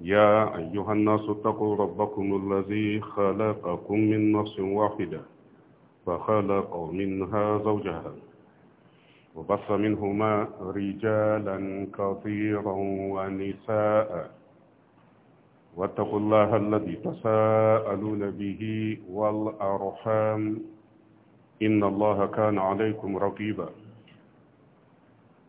يا أيها الناس اتقوا ربكم الذي خلقكم من نفس واحدة فخلق منها زوجها وبص منهما رجالا كثيرا ونساء واتقوا الله الذي تساءلون به والأرحام إن الله كان عليكم رقيباً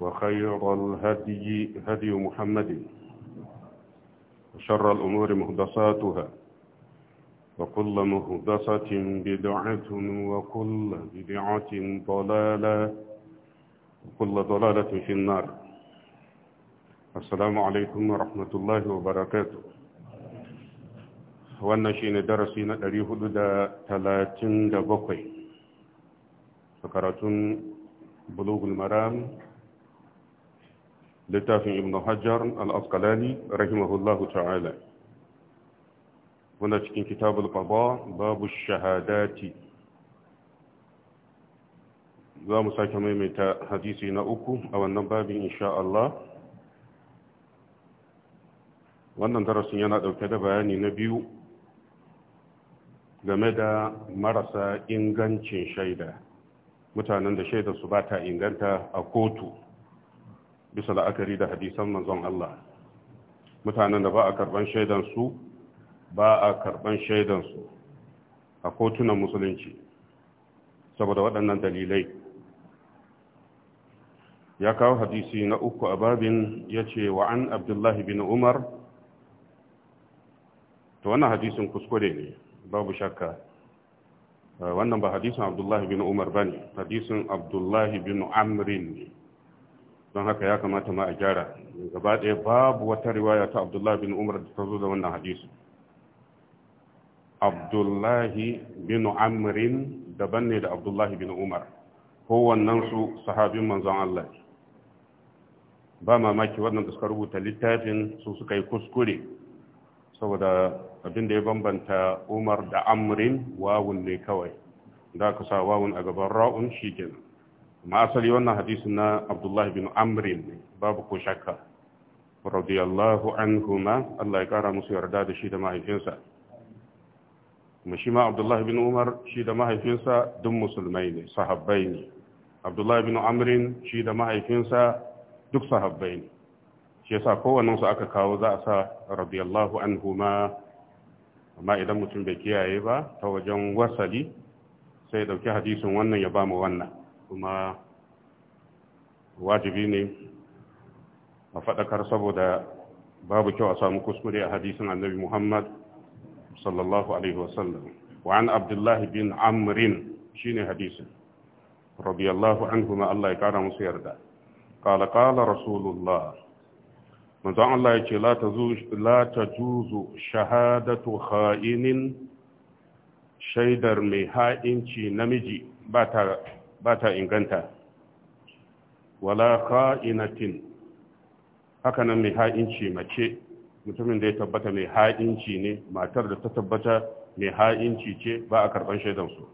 وخير الهدي هدي محمد وشر الأمور مهدساتها وكل مهدسة بدعة وكل بدعة ضلالة وكل ضلالة في النار السلام عليكم ورحمة الله وبركاته wannan shi ne darasi na 437 a karatun bulugul maram littafin ibn hajjar al-asqalani rahimahullahu ta'ala wanda cikin kitabun qada babu shahadati za mu sake maimaita hadisi na uku a wannan babin insha Allah wannan darasin yana ɗauke da bayani na biyu game da marasa ingancin shaida mutanen da shaida su ba ta inganta a kotu bisa la'akari da hadisan manzon Allah mutanen da ba a karban shaidansu ba a karban shaidansu a kotunan musulunci saboda waɗannan dalilai ya kawo hadisi na uku a babin ya ce wa'an abdullahi bin umar Ta wannan hadisin kuskure ne babu shakka wannan ba hadisin abdullahi bin umar ba ne hadisin abdullahi bin amrin ne don haka ya kamata ma a gyara gaba ɗaya babu wata riwaya ta abdullahi bin umar da ta zo da wannan hadisi abdullahi bin amrin daban ne da abdullahi bin umar su sahabin manzon Allah ba mamaki waɗanda suka rubuta littafin su suka yi kuskure saboda abinda ya bambanta umar da amrin wawun ne kawai da aka sa wawun a gaban ra'un shi kenan amma asali wannan hadisin na abdullahi bin amrin babu ko shakka radiyallahu anhuma Allah ya kara musu yarda da shi da mahaifinsa kuma shi ma abdullahi bin umar shi da mahaifinsa duk musulmai ne sahabbai ne abdullahi bin amrin shi da mahaifinsa duk sahabbai ne shi yasa kowannen su aka kawo za a sa radiyallahu anhuma amma idan mutum bai kiyaye ba ta wajen wasali sai dauki hadisin wannan ya ba mu wannan kuma wajibi ne a faɗakar saboda babu kyau a samu kuskure a hadisin annabi Muhammad sallallahu alaihi wasallam wa'an abdullah bin amrin shine hadisin radiyallahu anhuma Allah ya kara musu yarda qala qala rasulullah manzon Allah ya ce la tazuj la tajuzu shahadatu khainin shaidar mai ha'inci namiji ba ta ba ta inganta wala kainatin. haka nan mai ha'inci mace mutumin da ya tabbata mai ha'inci ne matar da ta tabbata mai ha'inci ce ba a karban shaidansu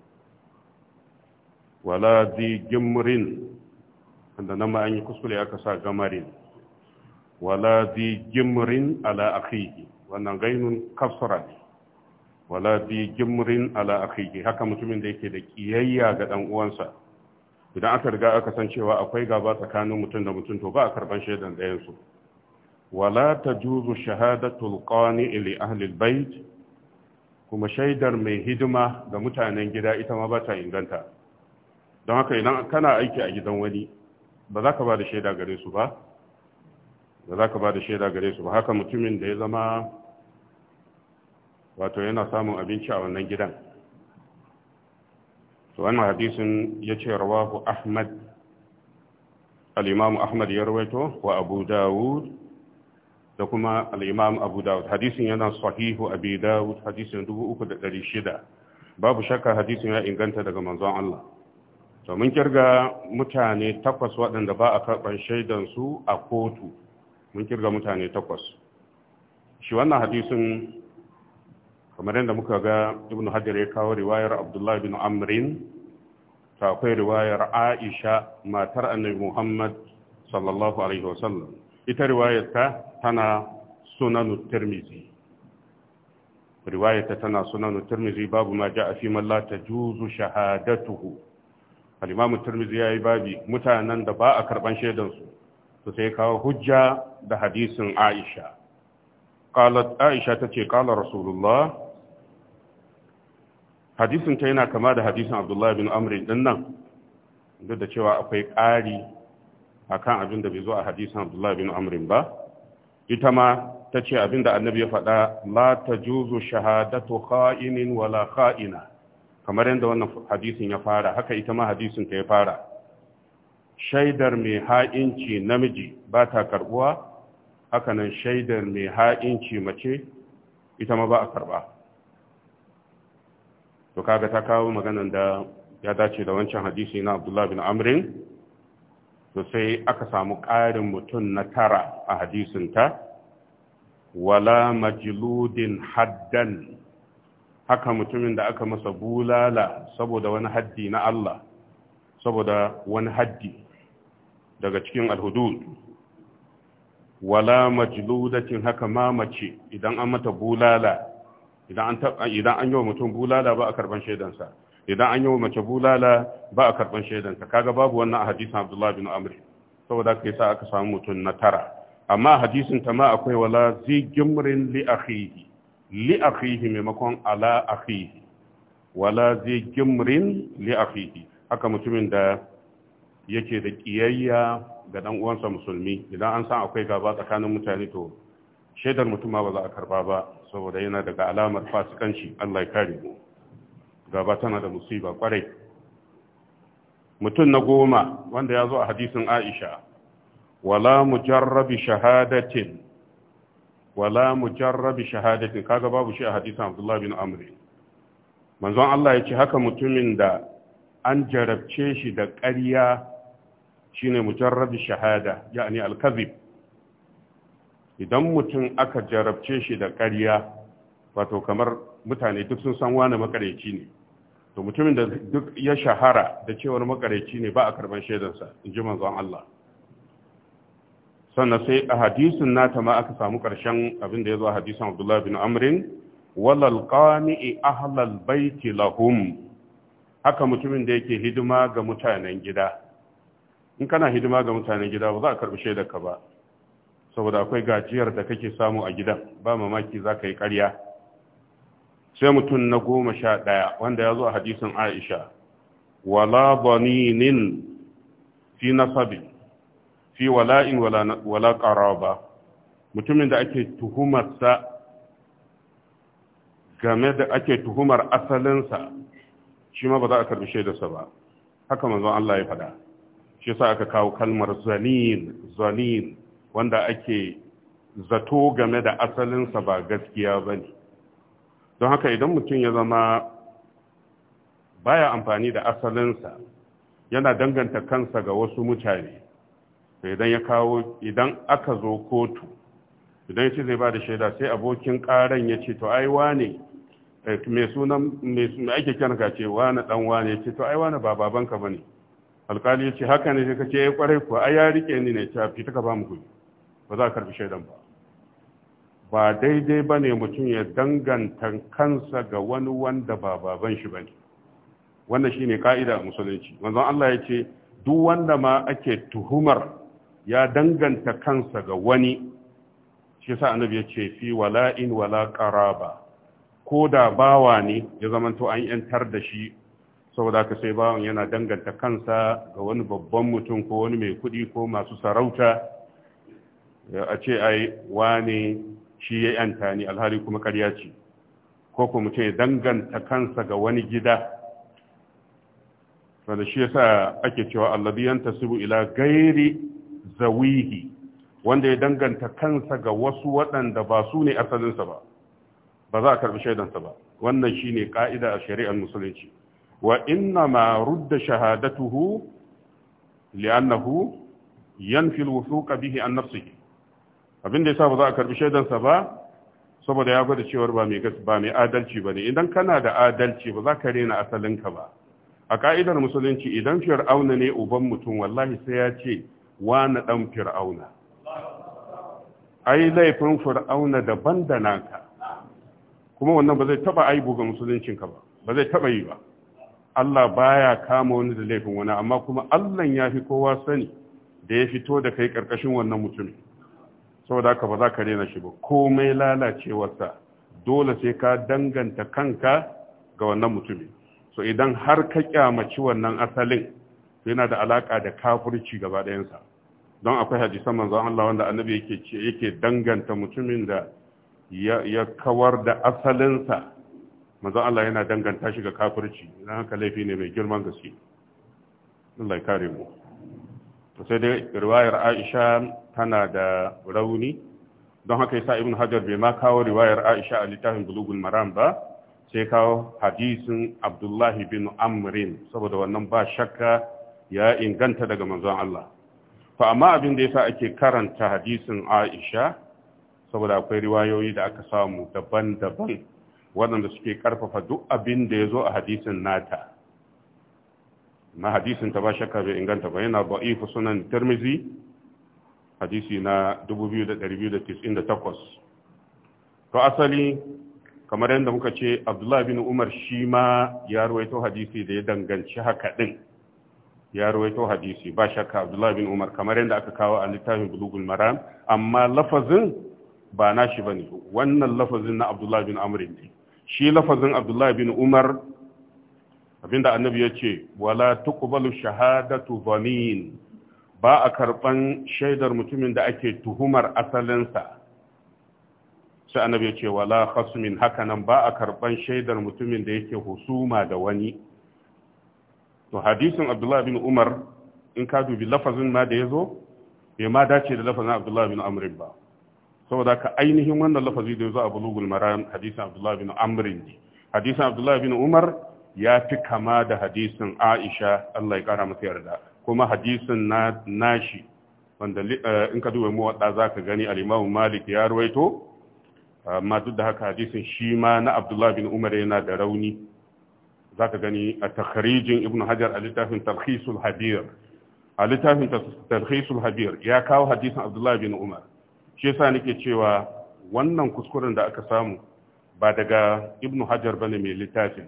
wala zi gimrin wanda nan ma an yi kuskure aka sa gamarin wala zi gimrin ala akhihi wannan gainun kafsara ne wala zi gimrin ala akhihi haka mutumin da yake da kiyayya ga dan uwansa idan aka riga aka san cewa akwai gaba tsakanin mutum da mutum to ba a karban shaidan ɗayan su wala juzu shahadatul qani li ahli albayt kuma shaidar mai hidima ga mutanen gida ita ma ba ta inganta don haka idan kana aiki a gidan wani ba za ka ba da shaida gare su ba ba za ka ba da shaida gare su ba haka mutumin da ya zama wato yana samun abinci a wannan gidan wannan hadisin ya ce rawahu ahmad al'imamu ahmad ya rawaito wa abu dawud da kuma al'imamu abu dawud hadisin yana sahihu abu dawud hadisin 3,600 babu shakka hadisin ya inganta daga manzon Allah to mun kirga mutane takwas waɗanda ba a karɓar shaidansu a kotu mun kirga mutane takwas shi wannan hadisin kamar yadda muka ga ibn hajar ya kawo riwayar abdullahi bin amrin ta akwai riwayar aisha matar annabi muhammad sallallahu alaihi wasallam ita riwayarta tana sunanu tirmizi tana sunanu tirmizi babu ma ja'a fi man la tajuzu shahadatuhu al-imam tirmizi yayi babi mutanen da ba a karban shaidan su to sai kawo hujja da hadisin aisha qalat aisha tace qala rasulullah hadisin ta yana kama da hadisin abdullahi bin amri din nan duk da cewa akwai ƙari a kan abin da bai zo a hadisin abdullahi bin amri ba ita ma ta ce abin da annabi ya faɗa la ta juzu shahadatu kha'inin wala kha'ina kamar yadda wannan hadisin ya fara haka ita ma hadisin ta ya fara shaidar mai ha'inci namiji ba ta karbuwa hakanan shaidar mai ha'inci mace ita ma ba a karɓa. to kaga ta kawo maganan da ya dace da wancan hadisi na Abdullah bin Amrin to sai aka samu ƙarin mutum na tara a hadisin ta wala majludin haddan haka mutumin da aka masa bulala saboda wani haddi na Allah saboda wani haddi daga cikin alhudud wala majludatin haka mamace idan an mata bulala idan an yi wa mutum bulala ba a karban shaidansa idan an yi wa mace bulala ba a karban shaidansa kaga babu wannan a hadisin abdullahi bin amr saboda kai sa aka samu mutum na tara amma hadisin ta ma akwai wala zi gimrin li maimakon ala akhihi wala zi gimrin haka mutumin da yake da kiyayya ga dan uwansa musulmi idan an san akwai gaba tsakanin mutane to shaidar mutum ma ba za a karba ba saboda yana daga alamar fasikanci Allah ya kare mu gaba tana da musiba kwarai mutum na goma wanda ya zo a hadisin Aisha wala mujarrabi shahadatin wala mujarrabi shahadatin kaga babu shi a hadisin Abdullah bin Amr manzon Allah ya ce haka mutumin da an jarabce shi da ƙarya shine mujarrabi shahada yani al-kadhib idan mutum aka jarabce shi da ƙarya wato kamar mutane duk sun san wani makareci ne to mutumin da duk ya shahara da cewar makareci ne ba a karban shaidarsa in ji manzon Allah sannan sai a hadisin nata ma aka samu ƙarshen abin da ya zo a hadisin Abdullah bin Amrin walal qani'i ahlal baiti lahum haka mutumin da yake hidima ga mutanen gida in kana hidima ga mutanen gida ba za a karbi shaidarka ba saboda akwai gajiyar da kake samu a gidan ba mamaki za ka yi ƙarya sai mutum na goma sha ɗaya wanda ya zo a hadisin aisha wala baninin fi nasabin fi wala'in wala ƙaraba mutumin da ake tuhumarsa game da ake tuhumar asalinsa shi ma ba za a karbi shaidarsa ba haka manzon Allah ya faɗa shi sa aka kawo kalmar zanin zanin wanda ake zato game da asalinsa ba gaskiya ba ne don haka idan mutum ya zama baya amfani da asalinsa yana danganta kansa ga wasu mutane idan ya kawo idan aka zo kotu idan ya ce zai ba da shaida sai abokin ƙaran ya ce to ai ne, eh, mai sunan mai ake kyan ga ce wane dan wane ya ce to ai ne ba babanka ba ne, alkali ya ce haka ne sai ka ce ai eh, kwarai kuwa ai ya rike ni ne ta fita ka ba mu kuɗi ba za a karbi shaidan ba ba daidai ba ne mutum ya danganta kansa ga wani wanda ba baban shi ba ne wannan shi ne ka'ida a musulunci wanzan Allah ya ce duk wanda ma ake tuhumar ya danganta kansa ga wani shi sa annabi ya ce fi wala'in wala qaraba ko da bawa ne ya zamanto an yantar da shi saboda ka sai bawan yana danganta kansa ga wani babban mutum ko wani mai kuɗi ko masu sarauta a ce ai wane shi ya yanta ni alhali kuma karya ce ko kuma ce ya danganta kansa ga wani gida wanda shi yasa ake cewa allazi yantasibu ila gairi zawihi wanda ya danganta kansa ga wasu waɗanda ba su ne asalinsa ba ba za a karɓi shaidansa ba wannan shine ka'ida a shari'ar musulunci wa inna ma rudda shahadatuhu li'annahu yanfi al-wuthuqa bihi an nafsihi abin da sa ba za a karbi shaidansa ba saboda ya gwada cewar ba mai adalci ba ne. idan kana da adalci ba za ka rena asalinka ba a ka'idar musulunci idan fir'auna ne uban mutum wallahi sai ya ce wa na dan fir'auna ai laifin fir'auna daban da naka kuma wannan ba zai taba aibu ga musuluncinka ba ba zai taba yi ba Allah baya kama wani da laifin wani amma kuma Allah ya fi kowa sani da ya fito da kai karkashin wannan mutumin saboda haka ba za ka rena shi ba komai lalacewarsa dole sai ka danganta kanka ga wannan mutumin so idan har ka kyamaci wannan asalin yana da alaka da kafurci gaba ɗayansa don akwai hadisan manzon Allah wanda annabi yake ce yake danganta mutumin da ya kawar da asalinsa manzo Allah yana danganta shi ga kafurci idan haka laifi ne mai girman gaske Allah ya kare mu sai dai riwayar aisha tana da rauni don haka yasa ibn hajar bai ma kawo riwayar aisha a littafin bulugun maram ba sai kawo hadisin abdullahi bin amrin saboda wannan ba shakka ya inganta daga manzon Allah fa amma abin da yasa ake karanta hadisin aisha saboda akwai riwayoyi da aka samu daban-daban waɗanda suke karfafa duk abin da ya zo a hadisin nata ma hadisin ta ba shakka bai inganta ba yana ifu sunan tirmizi hadisi na 2298 to asali kamar yadda muka ce abdullahi bin umar shi ma ya ruwaito hadisi da ya danganci haka din ya ruwaito hadisi ba shakka abdullahi bin umar kamar yadda aka kawo a littafin bulugul maram amma lafazin ba nashi ne wannan lafazin na abdullahi bin amurin ne shi lafazin abdullahi bin umar abinda annabi ya ce wala tuqbalu shahadatu zanin ba a karban shaidar mutumin da ake tuhumar asalinsa sai annabi ya ce wala khasmin hakanan ba a karban shaidar mutumin da yake husuma da wani to hadisin abdullahi bin umar in ka dubi lafazin ma da yazo bai ma dace da lafazin abdullahi bin amr ba saboda ka ainihin wannan lafazi da yazo a bulugul maram hadisin abdullahi bin amr hadisin abdullahi bin umar ya fi kama da hadisin Aisha Allah ya kara masa yarda kuma hadisin na nashi wanda eh, in ka duba mu wadda zaka gani al-Imam Malik ya ruwaito amma duk da haka hadisin shi ma na Abdullah bin Umar yana da rauni zaka gani a takharijin Ibn Hajar a littafin Tarhisul Habir a littafin Tarhisul Habir ya kawo hadisin Abdullah bin Umar shi yasa nake cewa wannan kuskuren da aka samu ba daga Ibn Hajar bane mai littafin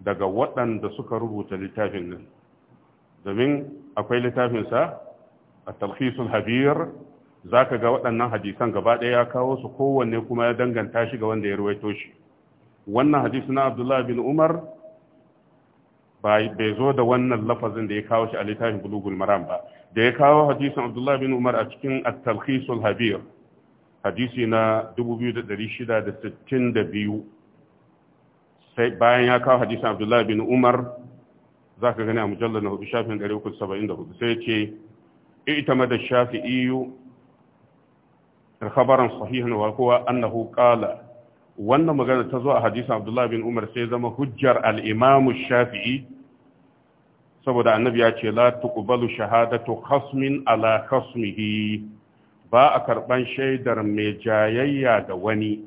daga waɗanda suka rubuta littafin nan domin akwai littafinsa a talhisul habir za ka ga waɗannan hadisan gaba ɗaya ya kawo su kowanne kuma ya danganta shi ga wanda ya ruwaito shi wannan hadisi na abdullahi bin umar bai zo da wannan lafazin da ya kawo shi a littafin bulugul maram ba da ya kawo hadisin abdullahi bin umar a cikin at-talhisul habir hadisi na 2662 sai bayan ya kawo hadisin abdullahi bin umar za ka gani a mujallar na hudu shafin 374 sai ce ita ma da shafi iyu khabaran sahihan wa kowa annahu qala wannan magana ta zo a hadisin abdullahi bin umar sai zama hujjar al'imamu imam shafi'i saboda annabi ya ce la tuqbalu shahadatu khasmin ala khasmihi ba a karban shaidar mai jayayya da wani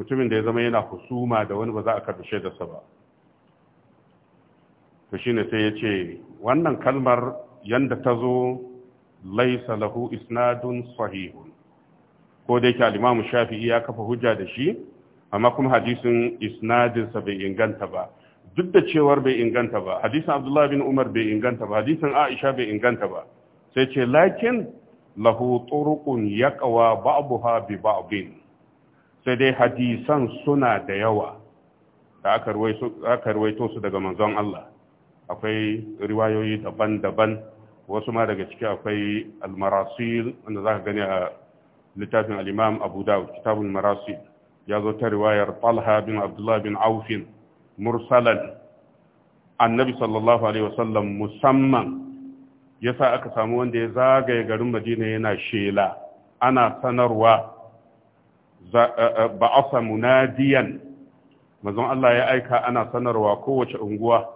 mutumin da ya zama yana husuma da wani ba za a da shaidarsa ba shi ne sai ya ce wannan kalmar yadda ta zo laisa lahu isnadun sahihun ko da yake alimamu shafi ya kafa hujja da shi amma kuma hadisin isnadinsa bai inganta ba duk da cewar bai inganta ba hadisin Abdullah bin Umar bai inganta ba hadisin Aisha bai inganta ba sai ce lakin lahu turuqun yaqwa ba'daha bi ba'din sai dai hadisan suna da yawa da aka ruwaito su daga manzon Allah akwai riwayoyi daban-daban wasu ma daga ciki akwai almarasil wanda za ka gani a littafin al'imam abu da kitabun marasil ya zo ta riwayar talha bin abdullah bin aufin mursalan annabi sallallahu alaihi wasallam musamman Ya sa aka samu wanda ya zagaye garin madina yana shela ana sanarwa Eh, eh, ba'asa munadiyan mazan Allah ya aika ana sanarwa kowace unguwa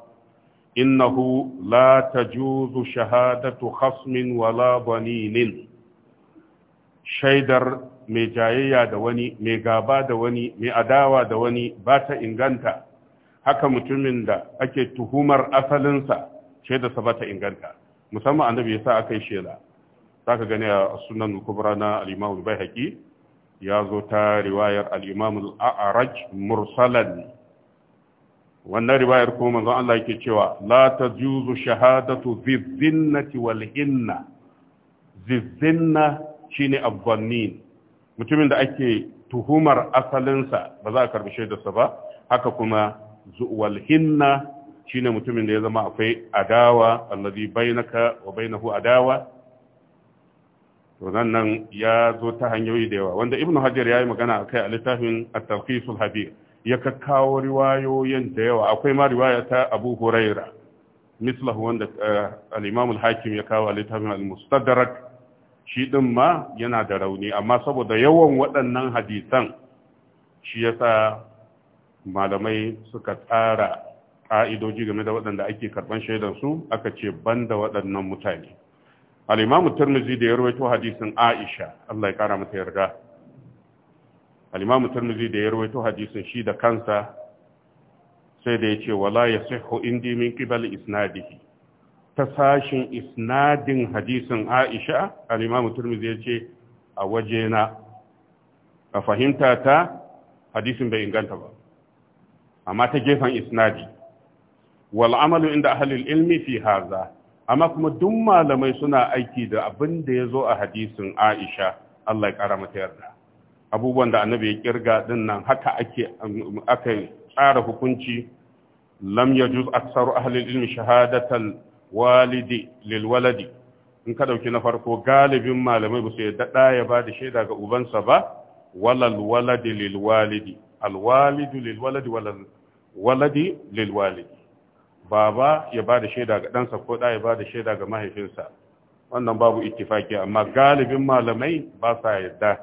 innahu la tajuzu shahadatu khasmin wala baninin shaidar mai jayayya da wani mai gaba da wani mai adawa da wani ba ta inganta haka mutumin da ake tuhumar asalinsa shaidarsa ba ta inganta musamman annabi ya sa aka yi shaida za ka gani a sunan kubra na al bai haƙi ya zo ta riwayar al-imam al-a'raj mursalan wannan riwayar kuma manzon Allah yake cewa la tajuzu shahadatu zizzinnati wal inna zizzinna shine abbannin mutumin da ake tuhumar asalinsa ba za a karbi shaidarsa ba haka kuma zuwal shine mutumin da ya zama akwai adawa allazi bainaka wa bainahu adawa to nan ya zo ta hanyoyi da yawa wanda ibnu hajar ya yi magana kai a littafin at-tawqisul habir ya kawo riwayoyin da yawa akwai ma riwaya ta abu huraira mislahu wanda eh, al-imam al-hakim ya kawo a littafin al-mustadrak shi din ma yana da rauni amma saboda yawan waɗannan hadisan shi yasa malamai suka tsara ƙa'idoji game da waɗanda ake shaidar shaidansu aka ce banda waɗannan mutane al-imamu tirmidhi da ya rawaito hadisin aisha Allah ya kara mata yarda al-imamu tirmidhi da ya rawaito hadisin shi da kansa sai da yace wala yasihhu indi min qibal isnadihi ta sashin isnadin hadisin aisha al-imamu tirmidhi yace a waje na. a fahimta ta hadisin bai inganta ba amma ta gefen isnadi wal amalu inda ahlul ilmi fi haza amma kuma duk malamai suna aiki da abin da ya zo a hadisin aisha allah ya kara mata yarda abubuwan da annabi ya ƙirga din nan haka ake aka tsara hukunci lam yajuz aktsaru ahli ilmi shahadatan walidi lil waladi in ka dauki na farko galibin malamai ba su yadda da ya ba da shaida ga ubansa ba walal waladi lil walidi al walidu lil waladi walal waladi lil walidi baba ya ba da shaida ga ɗansa ko ɗa ya ba da shaida ga mahaifinsa wannan babu ittifaki amma galibin malamai ba sa yadda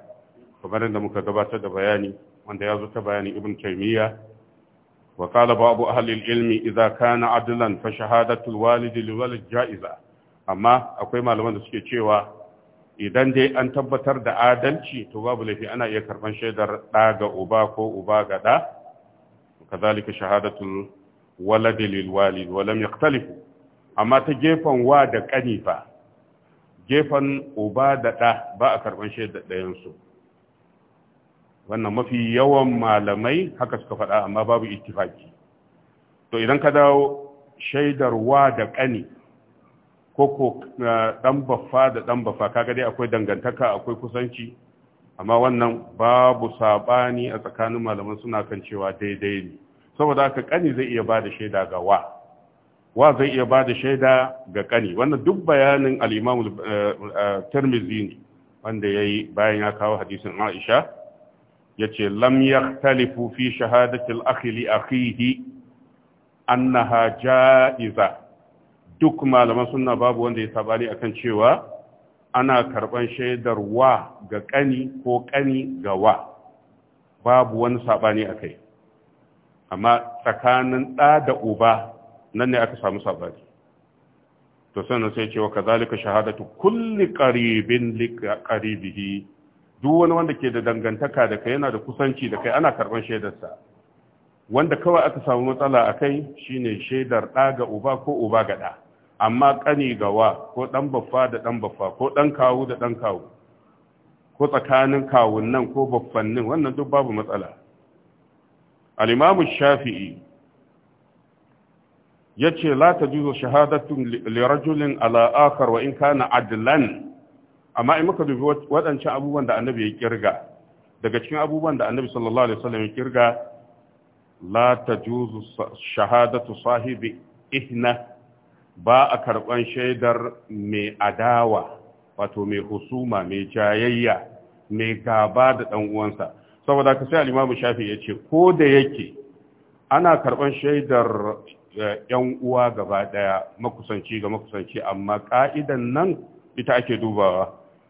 kamar da muka gabatar da bayani wanda ya zo ta bayani ibn taymiya wa qala ba'du ahli ilmi idza kana adlan fa shahadatu walidi walid ja'iza amma akwai malaman da suke cewa idan dai an tabbatar da adalci to babu laifi ana iya karban shaidar ɗa ga uba ko uba ga ɗa kazalika shahadatul waladi lil walid walam yaqtalifu amma ta gefen wa da kani fa gefen uba da ɗa ba a karban da dayan su wannan mafi yawan malamai haka suka faɗa amma babu ittifaki to idan ka dawo shaidar wa da kani ko ko dan eh, baffa da dan baffa kaga dai akwai dangantaka akwai kusanci amma wannan babu sabani a tsakanin malaman suna kan cewa daidai ne saboda haka kani zai iya da shaida ga wa wa zai iya ba da shaida ga kani wannan duk bayanin al eh, eh, tirmizi ne wanda yayi bayan ya kawo hadisin Aisha ya ce yakhtalifu fi shahadati al-akhi li akhihi annaha ja'iza duk malaman sunna babu wanda ya sabani akan cewa ana karban shaidar wa ga kani ko kani ga wa babu wani sabani akai amma tsakanin ɗa da uba nan ne aka samu sabari to sannan sai cewa kazalika shahadatu kulli qaribin li qaribihi duk wani wanda ke da dangantaka da kai yana da kusanci da kai ana karban shaidarsa wanda kawai aka samu matsala a kai shine shaidar ɗa ga uba ko uba ga ɗa amma ƙani ga wa ko ɗan baffa da ɗan baffa ko ɗan kawu da ɗan kawu ko tsakanin kawun nan ko baffannin wannan duk babu matsala al-imam shafi'i yace la tajuzu shahadatu li rajulin ala akhar wa in kana adlan amma in muka dubi waɗancan abubuwan da annabi ya kirga daga cikin abubuwan da annabi sallallahu alaihi wasallam ya kirga la tajuzu shahadatu sahibi ihna ba a karban shaidar mai adawa wato mai husuma mai jayayya mai gaba da ɗan uwansa saboda ka sai alimamu shafi ya ce ko da yake ana karɓar shaidar eh, yan uwa gaba ɗaya makusanci ga makusanci amma ƙa'idan nan ita ake dubawa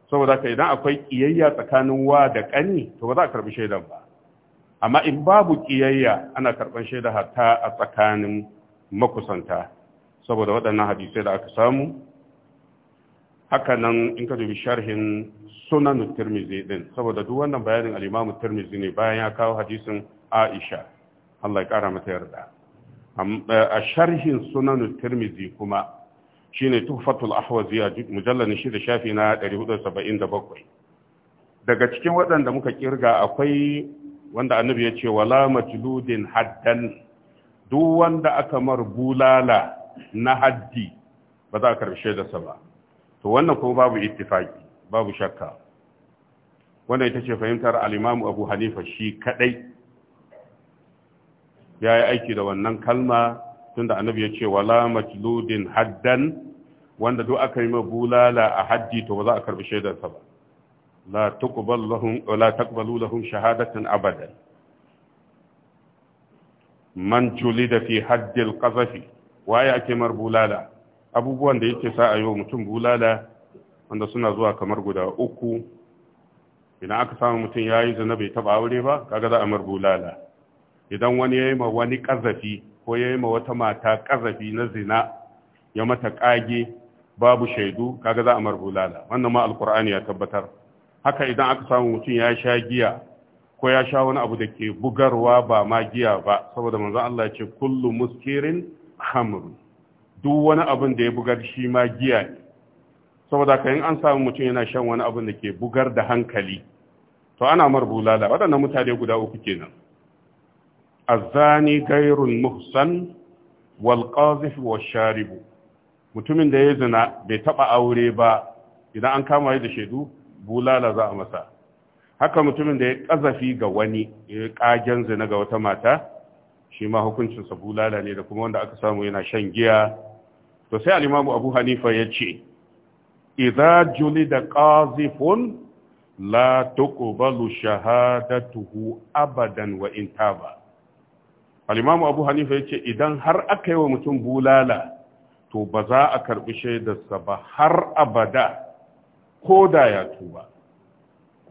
saboda ka idan akwai kiyayya tsakanin wa da ƙani to ba za a karɓi shaidan ba amma in babu ƙiyayya ana karban shaida hatta a tsakanin makusanta saboda waɗannan hadisai da aka samu haka nan in ka dubi sharhin sunan tirmizi din saboda duk wannan bayanin al turmizi ne bayan ya kawo hadisin Aisha Allah ya kara mata yarda eh, a sharhin sunan turmizi kuma shine tuhfatul ahwazi a mujallal shi da shafi na 477 daga cikin waɗanda muka kirga akwai wanda annabi ya ce wala majludin haddan duk wanda aka mar bulala na haddi ba za a karshe da sa ba to wannan kuma babu ittifaki babu shakka wannan ita ce fahimtar al-Imam Abu Hanifa shi kadai yayi aiki da wannan kalma tunda annabi ya ce wala majludin haddan wanda duk aka yi ma bulala a haddi to ba za a karbi shaidar sa ba la tuqbal lahum la taqbalu lahum shahadatan abadan man julida fi haddil qazafi waye ake mar bulala abubuwan da yake sa a yi wa mutum bulala wanda suna zuwa kamar guda uku idan aka samu mutum ya yi zina bai taba aure ba kaga za a mar bulala idan wani ya yi ma wani ƙazafi ko ya yi ma wata mata ƙazafi na zina ya mata ƙage babu shaidu kaga za a mar bulala wannan ma alkur'ani ya tabbatar haka idan aka samu mutum ya sha giya ko ya sha wani abu da ke bugarwa ba ma giya ba saboda manzon Allah ya ce kullu muskirin khamr duk wani abin da ya bugar shi ma giya ne saboda kayan an samu mutum yana shan wani abin da ke bugar da hankali to ana bulala waɗannan mutane guda uku kenan zani gairun muhsan wal qazif wa sharibu mutumin da ya zina bai taba aure ba idan an kama shi da shaidu bulala za a masa haka mutumin da ya kazafi ga wani ya kagen zina ga wata mata shi ma hukuncinsa bulala ne da kuma wanda aka samu yana shan giya to sai al-imamu abu hanifa ya ce idza julida qazifun la tuqbalu shahadatuhu abadan wa in taba al-imamu abu hanifa ya ce idan har aka yi wa mutum bulala to ba za a karbi shaidarsa ba har abada ko da ya tuba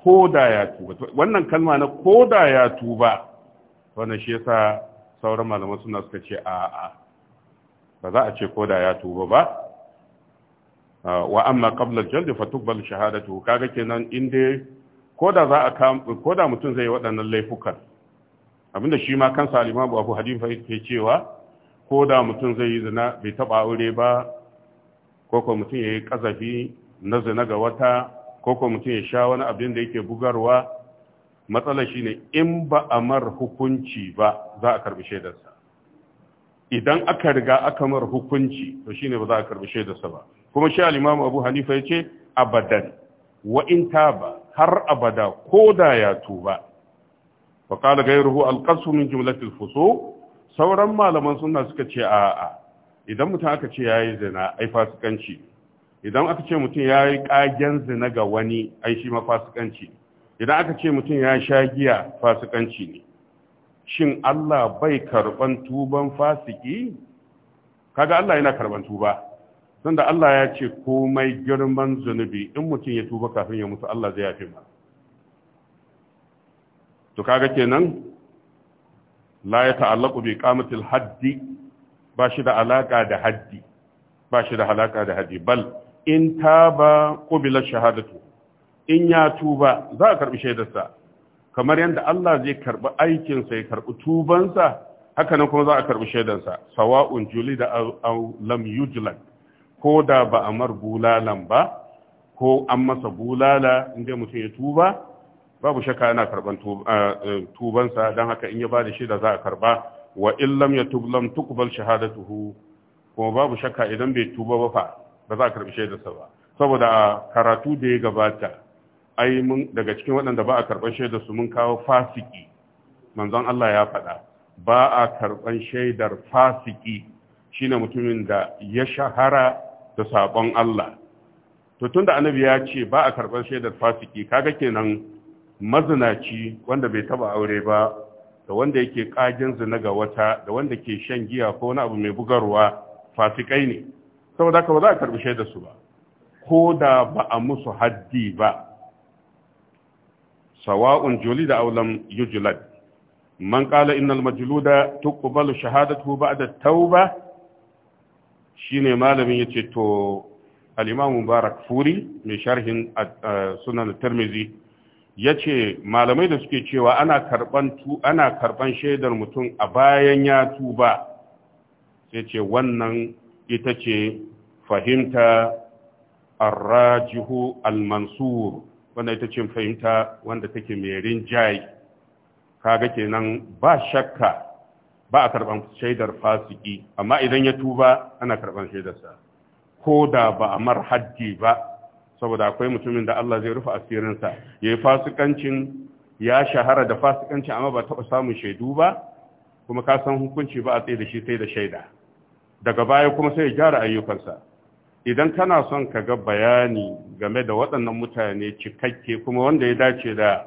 ko da ya tuba wannan kalma na ko da ya tuba wannan shi yasa sauran malaman suna suka ce a'a ba za a ce ko da ya tuba ba ah, wa amma qabla al-jald fa tuqbal shahadatu kaga kenan inda ko da za a ko da mutum zai waɗannan laifukan abinda shi ma kansa salima imamu Abu fa yake cewa ko da mutum zai yi zina bai taba aure ba ko ko mutum yayi kazafi na zina ga wata ko ko mutum ya sha wani abin da yake bugarwa matsalar shine in ba a mar hukunci ba za a karbi shaidarsa idan aka riga aka mar hukunci to shine ba za a karbi sa ba kuma shi al-imamu abu hanifa yace abadan wa in taba har abada ko da ya tuba fa qala ghayruhu al-qasm min jumlati al fusu sauran malaman sunna suka ce a'a idan mutum aka ce yayi zina ai fasikanci idan aka ce mutum yayi kagen zina ga wani ai shi ma fasikanci idan aka ce mutum ya sha giya fasikanci ne shin Allah bai karɓan tuban fasiki kaga Allah yana karɓan tuba tunda Allah ya ce komai girman zunubi in mutum ya tuba kafin ya mutu Allah zai fi ma to kaga kenan la ya ta'allaqu bi qamatil haddi ba shi da alaƙa da haddi ba shi da alaƙa da haddi bal in ta ba ƙubilar shahadatu in ya tuba za a karɓi shaidarsa kamar yadda Allah zai karɓi aikinsa ya karɓi tubansa haka nan kuma za a karɓi shaidansa sawa'un juli da au lam ko da ba a mar bulalan ba ko an masa bulala inda mutum ya tuba babu shakka yana karɓar tubansa don haka in ya ba da shaida za a karɓa. wa in ya yatub lam tuqbal shahadatuhu kuma babu shaka idan bai tuba ba fa ba za a karɓi shaidarsa ba saboda a karatu da ya gabata ai mun daga cikin waɗanda ba a karɓar shaidar su mun kawo fasiki manzon Allah ya faɗa ba a karɓar shaidar fasiki shine mutumin da ya shahara da sabon Allah to tunda annabi ya ce ba a karɓar shaidar fasiki kaga kenan mazinaci wanda bai taba aure ba da wanda yake kajin zina ga wata da wanda ke shan giya ko wani abu mai bugarwa fasikai ne saboda haka ba za a karɓi shaidar su ba ko da ba a musu haddi ba sawa'un julida aw lam yujlad man qala innal majluda tuqbalu shahadatuhu ba'da tauba shine malamin yace to al-imam mubarak furi mai sharhin sunan tirmizi yace malamai da suke cewa ana karban tu ana karban shaidar mutum a bayan ya tuba sai ce wannan ita ce fahimta arrajihu al wanda ita ce fahimta wanda take mai rinjaye kaga kenan ba shakka ba a karban shaidar fasiki amma idan ya tuba ana karban shaidarsa ko da ba a mar haddi ba saboda akwai mutumin da Allah zai rufe asirinsa ya yi fasikancin ya shahara da fasikancin amma ba taɓa samun shaidu ba kuma ka san hukunci ba a tsaye da shi sai da shaida daga baya kuma sai ya gyara ayyukansa idan kana son ka ga bayani game da waɗannan mutane cikakke kuma wanda ya dace da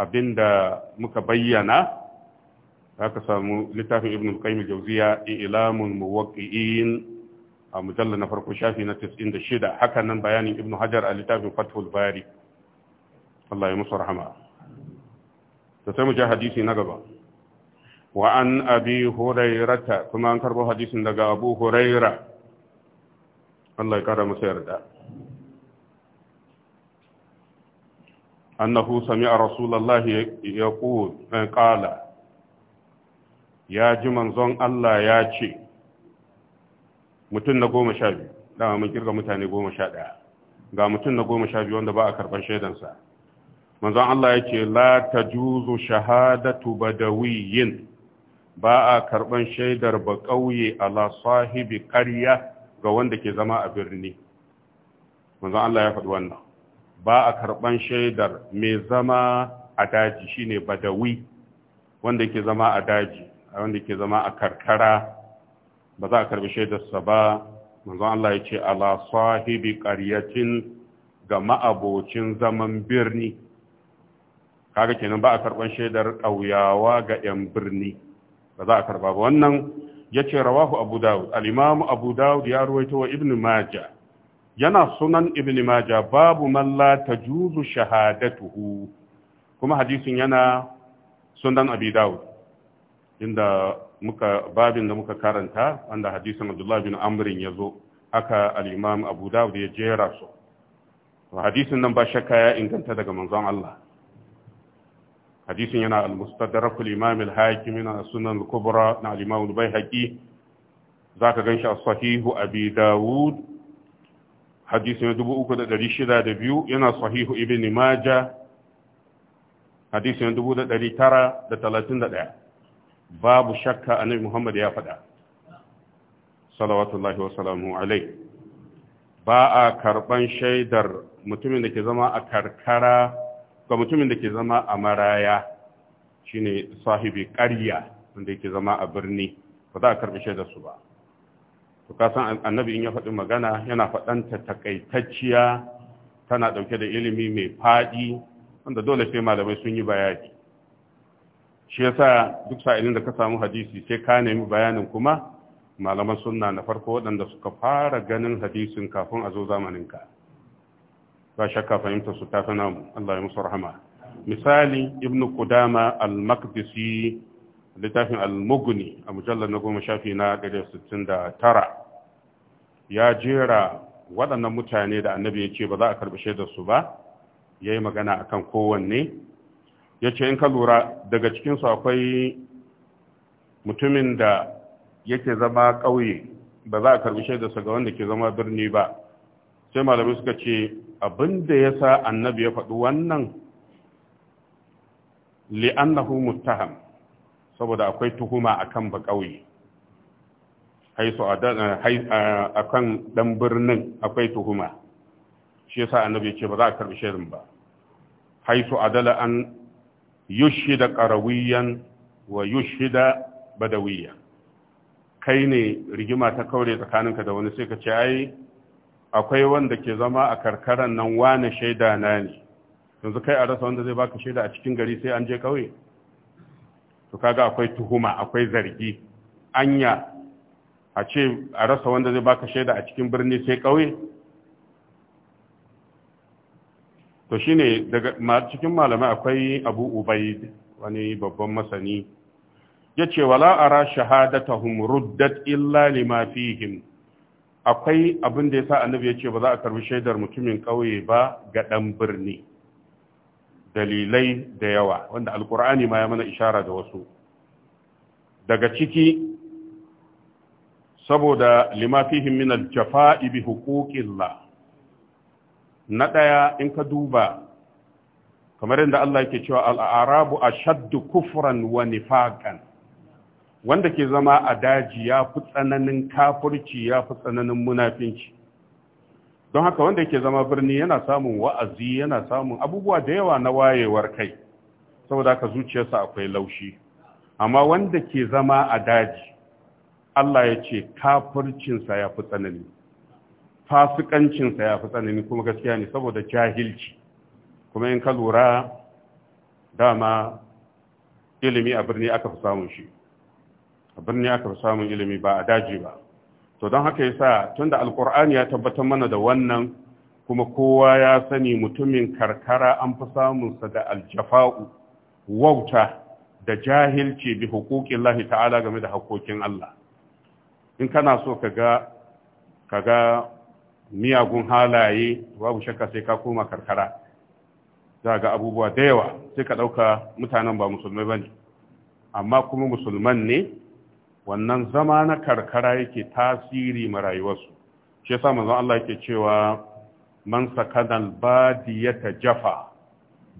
abin da muka bayyana za ka samu littafin ibn qayyim jauziya ilamun muwaqqi'in a mujallar na farko shafi na 96 haka nan bayanin ibn hajar a littafin fathul bari Allah ya musu rahama to sai mu hadisi na gaba wa an abi hurairata kuma an karbo hadisin daga abu hurairah Allah ya kara masa yarda annahu sami'a rasulullahi yaqul eh, qala ya ji manzon Allah ya ce mutum na goma sha biyu dama mun kirga mutane goma sha ɗaya ga mutum na goma sha biyu wanda ba a karɓar shaidansa manzon Allah ya ce la ta juzu shahadatu badawiyin ba a karɓar shaidar ba ƙauye ala sahibi ƙarya ga wanda ke zama a birni manzon Allah ya faɗi wannan ba a karɓan shaidar mai zama a daji shine badawi wanda ke zama a daji wanda ke zama a karkara ba za a karɓi shaidarsa ba manzon Allah ya ce ala sahibi qaryatin ga ma'abocin zaman birni kaga kenan ba a karban shaidar ƙauyawa ga 'yan birni ba za a karba ba wannan yace rawahu abu dawud al-imam abu dawud ya ruwaito wa ibn majah yana sunan ibn majah babu man la tajuzu shahadatuhu kuma hadisin yana sunan abi dawud inda muka babin da muka karanta wanda hadisin abdullah bin amrin zo, haka al-imam abu dawud ya jera su hadisin nan ba shakka ya inganta daga manzon Allah hadisin yana al-mustadrak al hakim na sunan al-kubra na al-imam al-baihaqi zaka ganshi as-sahihu abi dawud hadisin 3602 yana sahihu ibn majah hadisin 1931 babu shakka annabi muhammad ya faɗa salawatullahi wa salamu alai ba a karban shaidar mutumin da ke zama a karkara ga mutumin da ke zama a maraya shi shine sahibi karya, wanda yake zama a birni ba za a karbi shaidar su ba to ka annabi in ya faɗi magana yana faɗanta takaitacciya tana ɗauke da ilimi mai faɗi wanda dole sai malamai sun yi bayani shi yasa duk sa'ilin da ka samu hadisi sai ka nemi bayanin kuma malaman sunna na farko waɗanda suka fara ganin hadisin kafin a zo zamaninka ba shakka fahimta su ta sana mu Allah ya musu rahama misali ibn kudama al-maqdisi littafin al-mughni a mujallar na goma shafi na 169 ya jera waɗannan mutane da annabi ya ce ba za a karɓi shaidar su ba ya yi magana akan kowanne ya ce in ka lura daga cikinsu akwai mutumin da yake zama ƙauye ba za a karɓi su ga wanda ke zama birni ba sai malamai suka ce abin da ya sa annabi ya faɗi wannan li'annahu muttaham saboda akwai tuhuma akan baƙauye haisu akan eh, eh, ɗan birnin akwai tuhuma shi yasa annabi ce ba za a karɓi shirin ba haisu adala an yushida ƙarawiyan wa yushida badawiya kai ne rigima ta kaure tsakaninka da wani sai ka ce ai akwai wanda ke zama a karkaran nan wane shaida na ne yanzu kai a rasa wanda zai baka shaida a cikin gari sai an je kawai to kaga akwai tuhuma akwai zargi anya a ce a rasa wanda zai baka shaida a cikin birni sai kawai to shine daga cikin malamai akwai Abu Ubaid wani babban masani yace wala ara shahadatahum ruddat illa lima fihim akwai abin da ya sa annabi ya ce ba za a karbi shaidar mutumin ƙauye ba ga ɗan birni dalilai da yawa wanda alkur'ani ma ya mana ishara da wasu daga ciki saboda lima fihim min bi huquqillah na ɗaya in ka duba kamar yadda Allah yake cewa al'arabu ashaddu kufran wa nifaqan wanda ke zama a daji ya fi tsananin kafurci ya fi tsananin munafinci don haka wanda ke zama birni yana samun wa'azi yana samun abubuwa da yawa na wayewar kai saboda haka zuciyarsa akwai laushi amma wanda ke zama a daji Allah ya ce kafurcinsa ya fi tsanani fasikancinsa ya fi tsanani kuma gaskiya ne saboda jahilci kuma in ka lura dama ilimi a birni aka fi samun shi a birni aka fi samun ilimi ba a daji ba to don haka yasa da alkur'ani ya tabbatar mana da wannan kuma kowa ya sani mutumin karkara an fi samunsa da aljafa'u wauta da jahilci bi hukukin lahi ta'ala game da hakokin Allah in kana so ka ga miyagun halaye babu shakka sai ka koma karkara za ga abubuwa da yawa sai ka ɗauka mutanen ba musulmai ba ne amma kuma musulman ne wannan zama na karkara yake tasiri ma rayuwarsu shi yasa manzon Allah yake cewa man sakanal badiyata jafa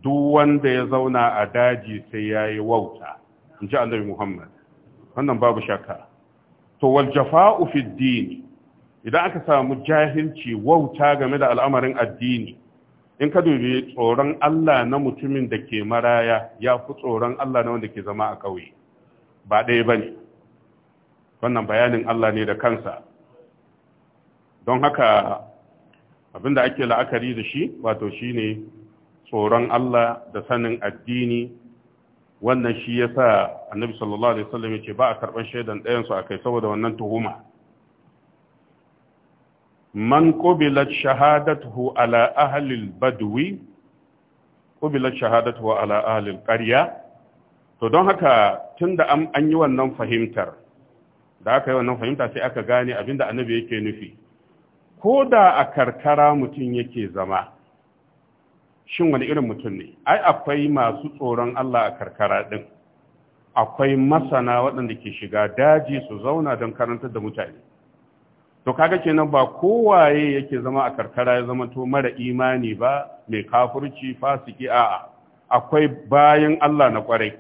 duk wanda ya zauna a daji sai yayi wauta in ji Annabi Muhammad wannan babu shakka to wal jafa'u fi din idan aka samu jahilci wauta game da al'amarin addini in ka dubi tsoron Allah na mutumin da ke maraya ya fi tsoron Allah na wanda ke zama a kauye. ba ɗaya bane. wannan bayanin Allah ne da kansa don haka abinda ake la'akari da shi wato shine tsoron Allah da sanin addini wannan shi ya sa annabi sallallahu alaihi wasallam ya ce ba a karɓar shaidan ɗayansu a kai saboda wannan tuhuma man ƙubilar shahadatuhu ala ahalil badwi ƙubilar shahadatuhu ala ahalil ƙarya to don haka tun da an yi wannan fahimtar da aka yi wannan fahimta sai aka gane abinda annabi yake nufi ko da a karkara mutum yake zama shin wani irin mutum ne ai akwai masu tsoron Allah a karkara din akwai masana waɗanda ke shiga daji su zauna don karantar da mutane to kaga kenan ba kowaye yake zama a karkara ya zama to mara imani ba mai kafurci fasiki a'a akwai bayan Allah na kwarai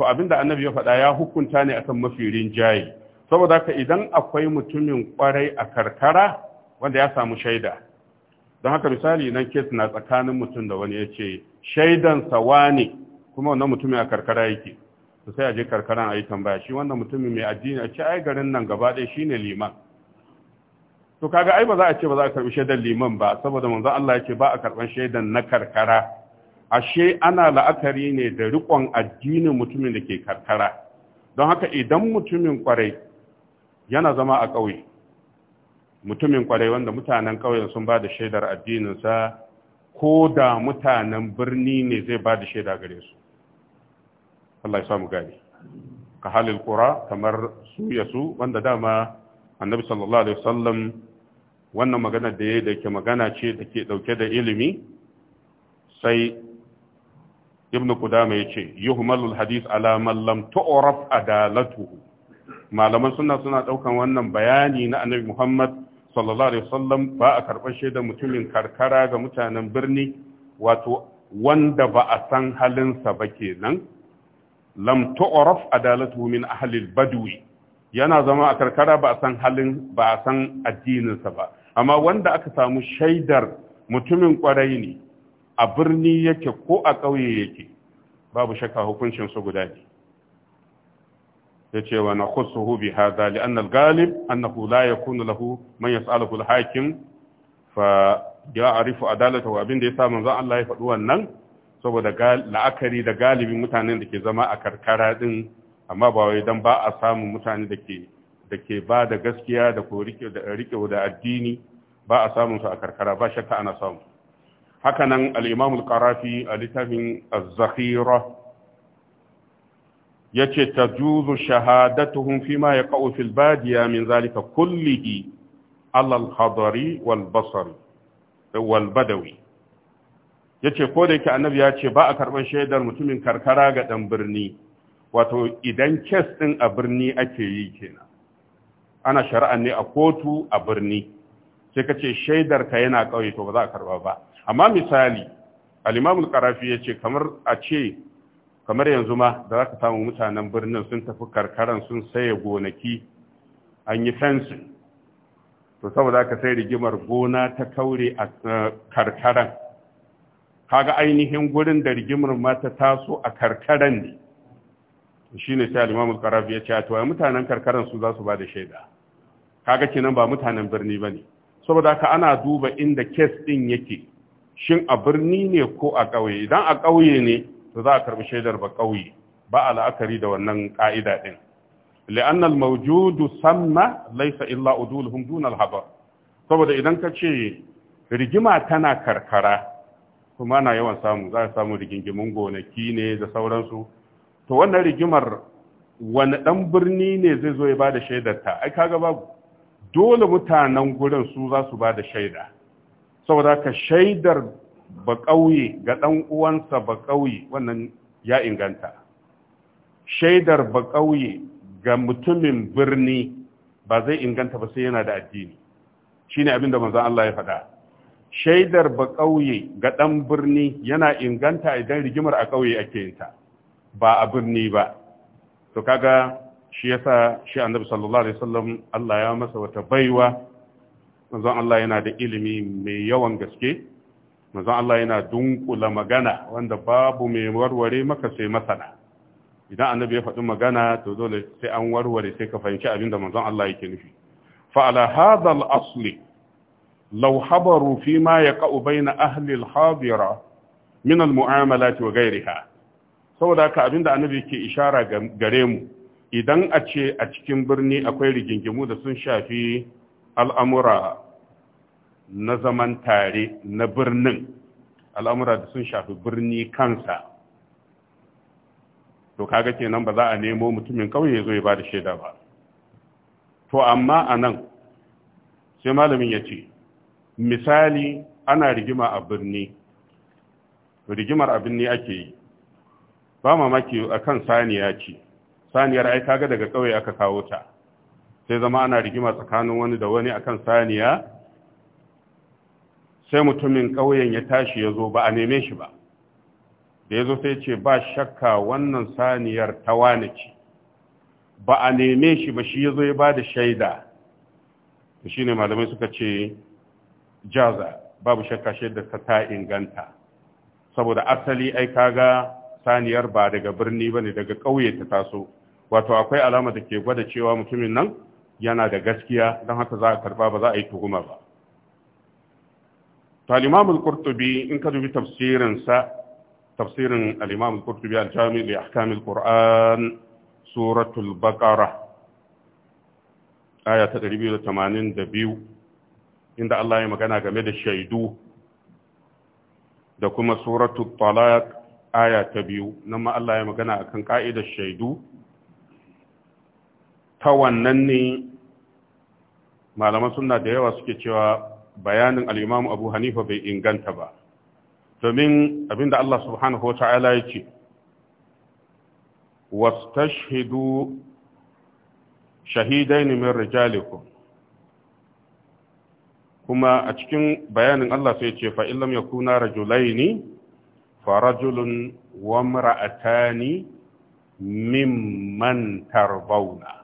to abinda annabi ya faɗa ya hukunta ne akan mafi rinjaye saboda haka idan akwai mutumin kwarai a karkara wanda ya samu shaida don haka misali nan kes na tsakanin mutum da wani ya ce shaidan sawa ne kuma wannan mutumin a karkara yake su sai a je karkaran a yi tambaya shi wannan mutumin mai addini a ce ai garin nan gaba ɗaya ne liman to kaga ai ba za a ce ba za a karɓi shaidan liman ba saboda manzon Allah ya ce ba a karɓan shaidan na karkara ashe ana la'akari ne da riƙon addinin mutumin da ke karkara don haka idan mutumin kwarai yana zama a ƙauye mutumin ƙwarai wanda mutanen ƙauyen sun ba da shaidar addininsa ko da mutanen birni ne zai ba da shaida gare su Allah ya samu gani ka halil kura kamar su ya su wanda dama annabi sallallahu alaihi wasallam wannan magana da ya da ke magana ce da ke dauke da ilimi sai ibnu kudama ya ce yuhmalul hadith ala man lam tu'raf adalatuhu malaman suna suna daukan wannan bayani na annabi Muhammad sallallahu alaihi wasallam ba a karɓar shaidar mutumin karkara ga mutanen birni wato wanda ba a san halinsa ba kenan lam tu'raf adalatu min ahli badwi yana zama a karkara ba a san halin ba a san addininsa ba amma wanda aka samu shaidar mutumin kwarai ne a birni yake ko a ƙauye yake babu shakka hukuncin su guda ne ce wa nakhusuhu bi hadha li anna al-ghalib annahu la yakunu lahu man yas'aluhu al-hakim fa ya'rifu adalatahu abinda yasa manzon Allah ya faɗi wannan saboda la'akari da galibin mutanen da ke zama a karkara din amma ba wai dan ba a samun mutane da ke da ke ba da gaskiya da ko rike da rike da addini ba a samun su a karkara ba shakka ana samu haka nan al-Imam al-Qarafi a littafin az-Zakhira yace tajuzu shahadatuhum fima yaqa'u fil badiya min zalika kullihi ala hadari wal basari wal badawi yace ko da yake annabi ya ce ba a karɓar shaidar mutumin karkara ga ɗan birni wato idan kes ɗin a birni ake yi kenan ana shari'a ne a kotu a birni sai ka ce shaidar ka yana kauye to ba za a karba ba amma misali al-imam karafi qarafi yace kamar a ce kamar yanzu ma da za ka samu mutanen birnin sun tafi karkaran sun saye gonaki an yi fensi to saboda ka sai rigimar gona ta kaure a eh, karkaran kaga ainihin gurin da rigimar ma ta taso a karkaran ne shi ne sai alimamul ya ce to mutanen karkaran su za su ba da shaida kaga kenan ba mutanen birni ba ne saboda haka ana duba inda kes din yake shin a birni ne ko a ƙauye idan a ƙauye ne to za a karbi shaidar ba kauye ba a la'akari da wannan ka'ida din li'anna al-mawjudu samma laysa illa uduluhum duna al-habar saboda idan ka ce rigima tana karkara kuma na yawan samu za a samu rigingimin gonaki ne da sauransu to wannan rigimar wani dan birni ne zai zo ya ba da shaidar ta ai kaga babu dole mutanen gurin su za su ba shaida saboda ka shaidar ba ƙauye ga ɗan uwansa ba ƙauye wannan ya inganta shaidar ba ƙauye ga mutumin birni ba zai inganta ba sai yana da addini shine abin da manzan Allah ya faɗa shaidar ba ƙauye ga ɗan birni yana inganta idan rigimar a ƙauye ake yinta ba a birni ba to kaga shi ya sa shi annabi sallallahu alaihi wasallam Allah ya masa wata baiwa manzon Allah yana da ilimi mai yawan gaske manzon Allah yana dunkula magana wanda babu mai warware maka sai masana idan annabi ya faɗi magana to dole sai an warware sai ka fahimci abin da manzon Allah yake nufi fa ala hadha al asl law habaru fi ma yaqa'u bayna ahli al hadira min al mu'amalat wa ghayriha saboda haka abinda annabi yake ishara gare mu idan a ce a cikin birni akwai rigingimu da sun shafi al'amura na zaman tare na birnin al'amura da sun shafi birni kansa to kaga kenan ba za a nemo mutumin kauye ya zo ya ba da shaida ba to amma a nan sai malamin ya ce misali ana rigima a birni rigimar a ake yi ba mamaki a kan saniya ce saniyar ai kaga daga ƙauye aka kawo ta sai zama ana rigima tsakanin wani da wani akan saniya sai mutumin ƙauyen ya tashi ya zo ba a neme shi ba da ya zo sai ce ba shakka wannan saniyar ta wane ce ba a neme shi ba shi ya zo ya ba da shaida da shi ne malamai suka ce jaza babu shakka shaidar ta ta inganta saboda asali ai kaga saniyar ba daga birni ba ne daga ƙauye ta taso wato akwai alama da ke gwada cewa mutumin nan yana da gaskiya don haka za a karba ba za a yi tuhuma ba to al-imam qurtubi in ka dubi tafsirin sa tafsirin al-imam al-qurtubi al-jami' li ahkam quran suratul baqara aya ta 282 inda Allah ya magana game da shaidu da kuma suratul talaq aya ta biyu nan ma Allah ya magana akan ƙa'idar shaidu ta wannan ne malaman suna da yawa suke cewa bayanin al'imamu abu hanifa bai inganta ba domin abinda Allah subhanahu wa ta'ala ya ce wastashhidu shahidaini min rijalikum kuma a cikin bayanin Allah sai ce fa illam yakuna rajulaini fa rajulun wa imra'atani mimman tarbauna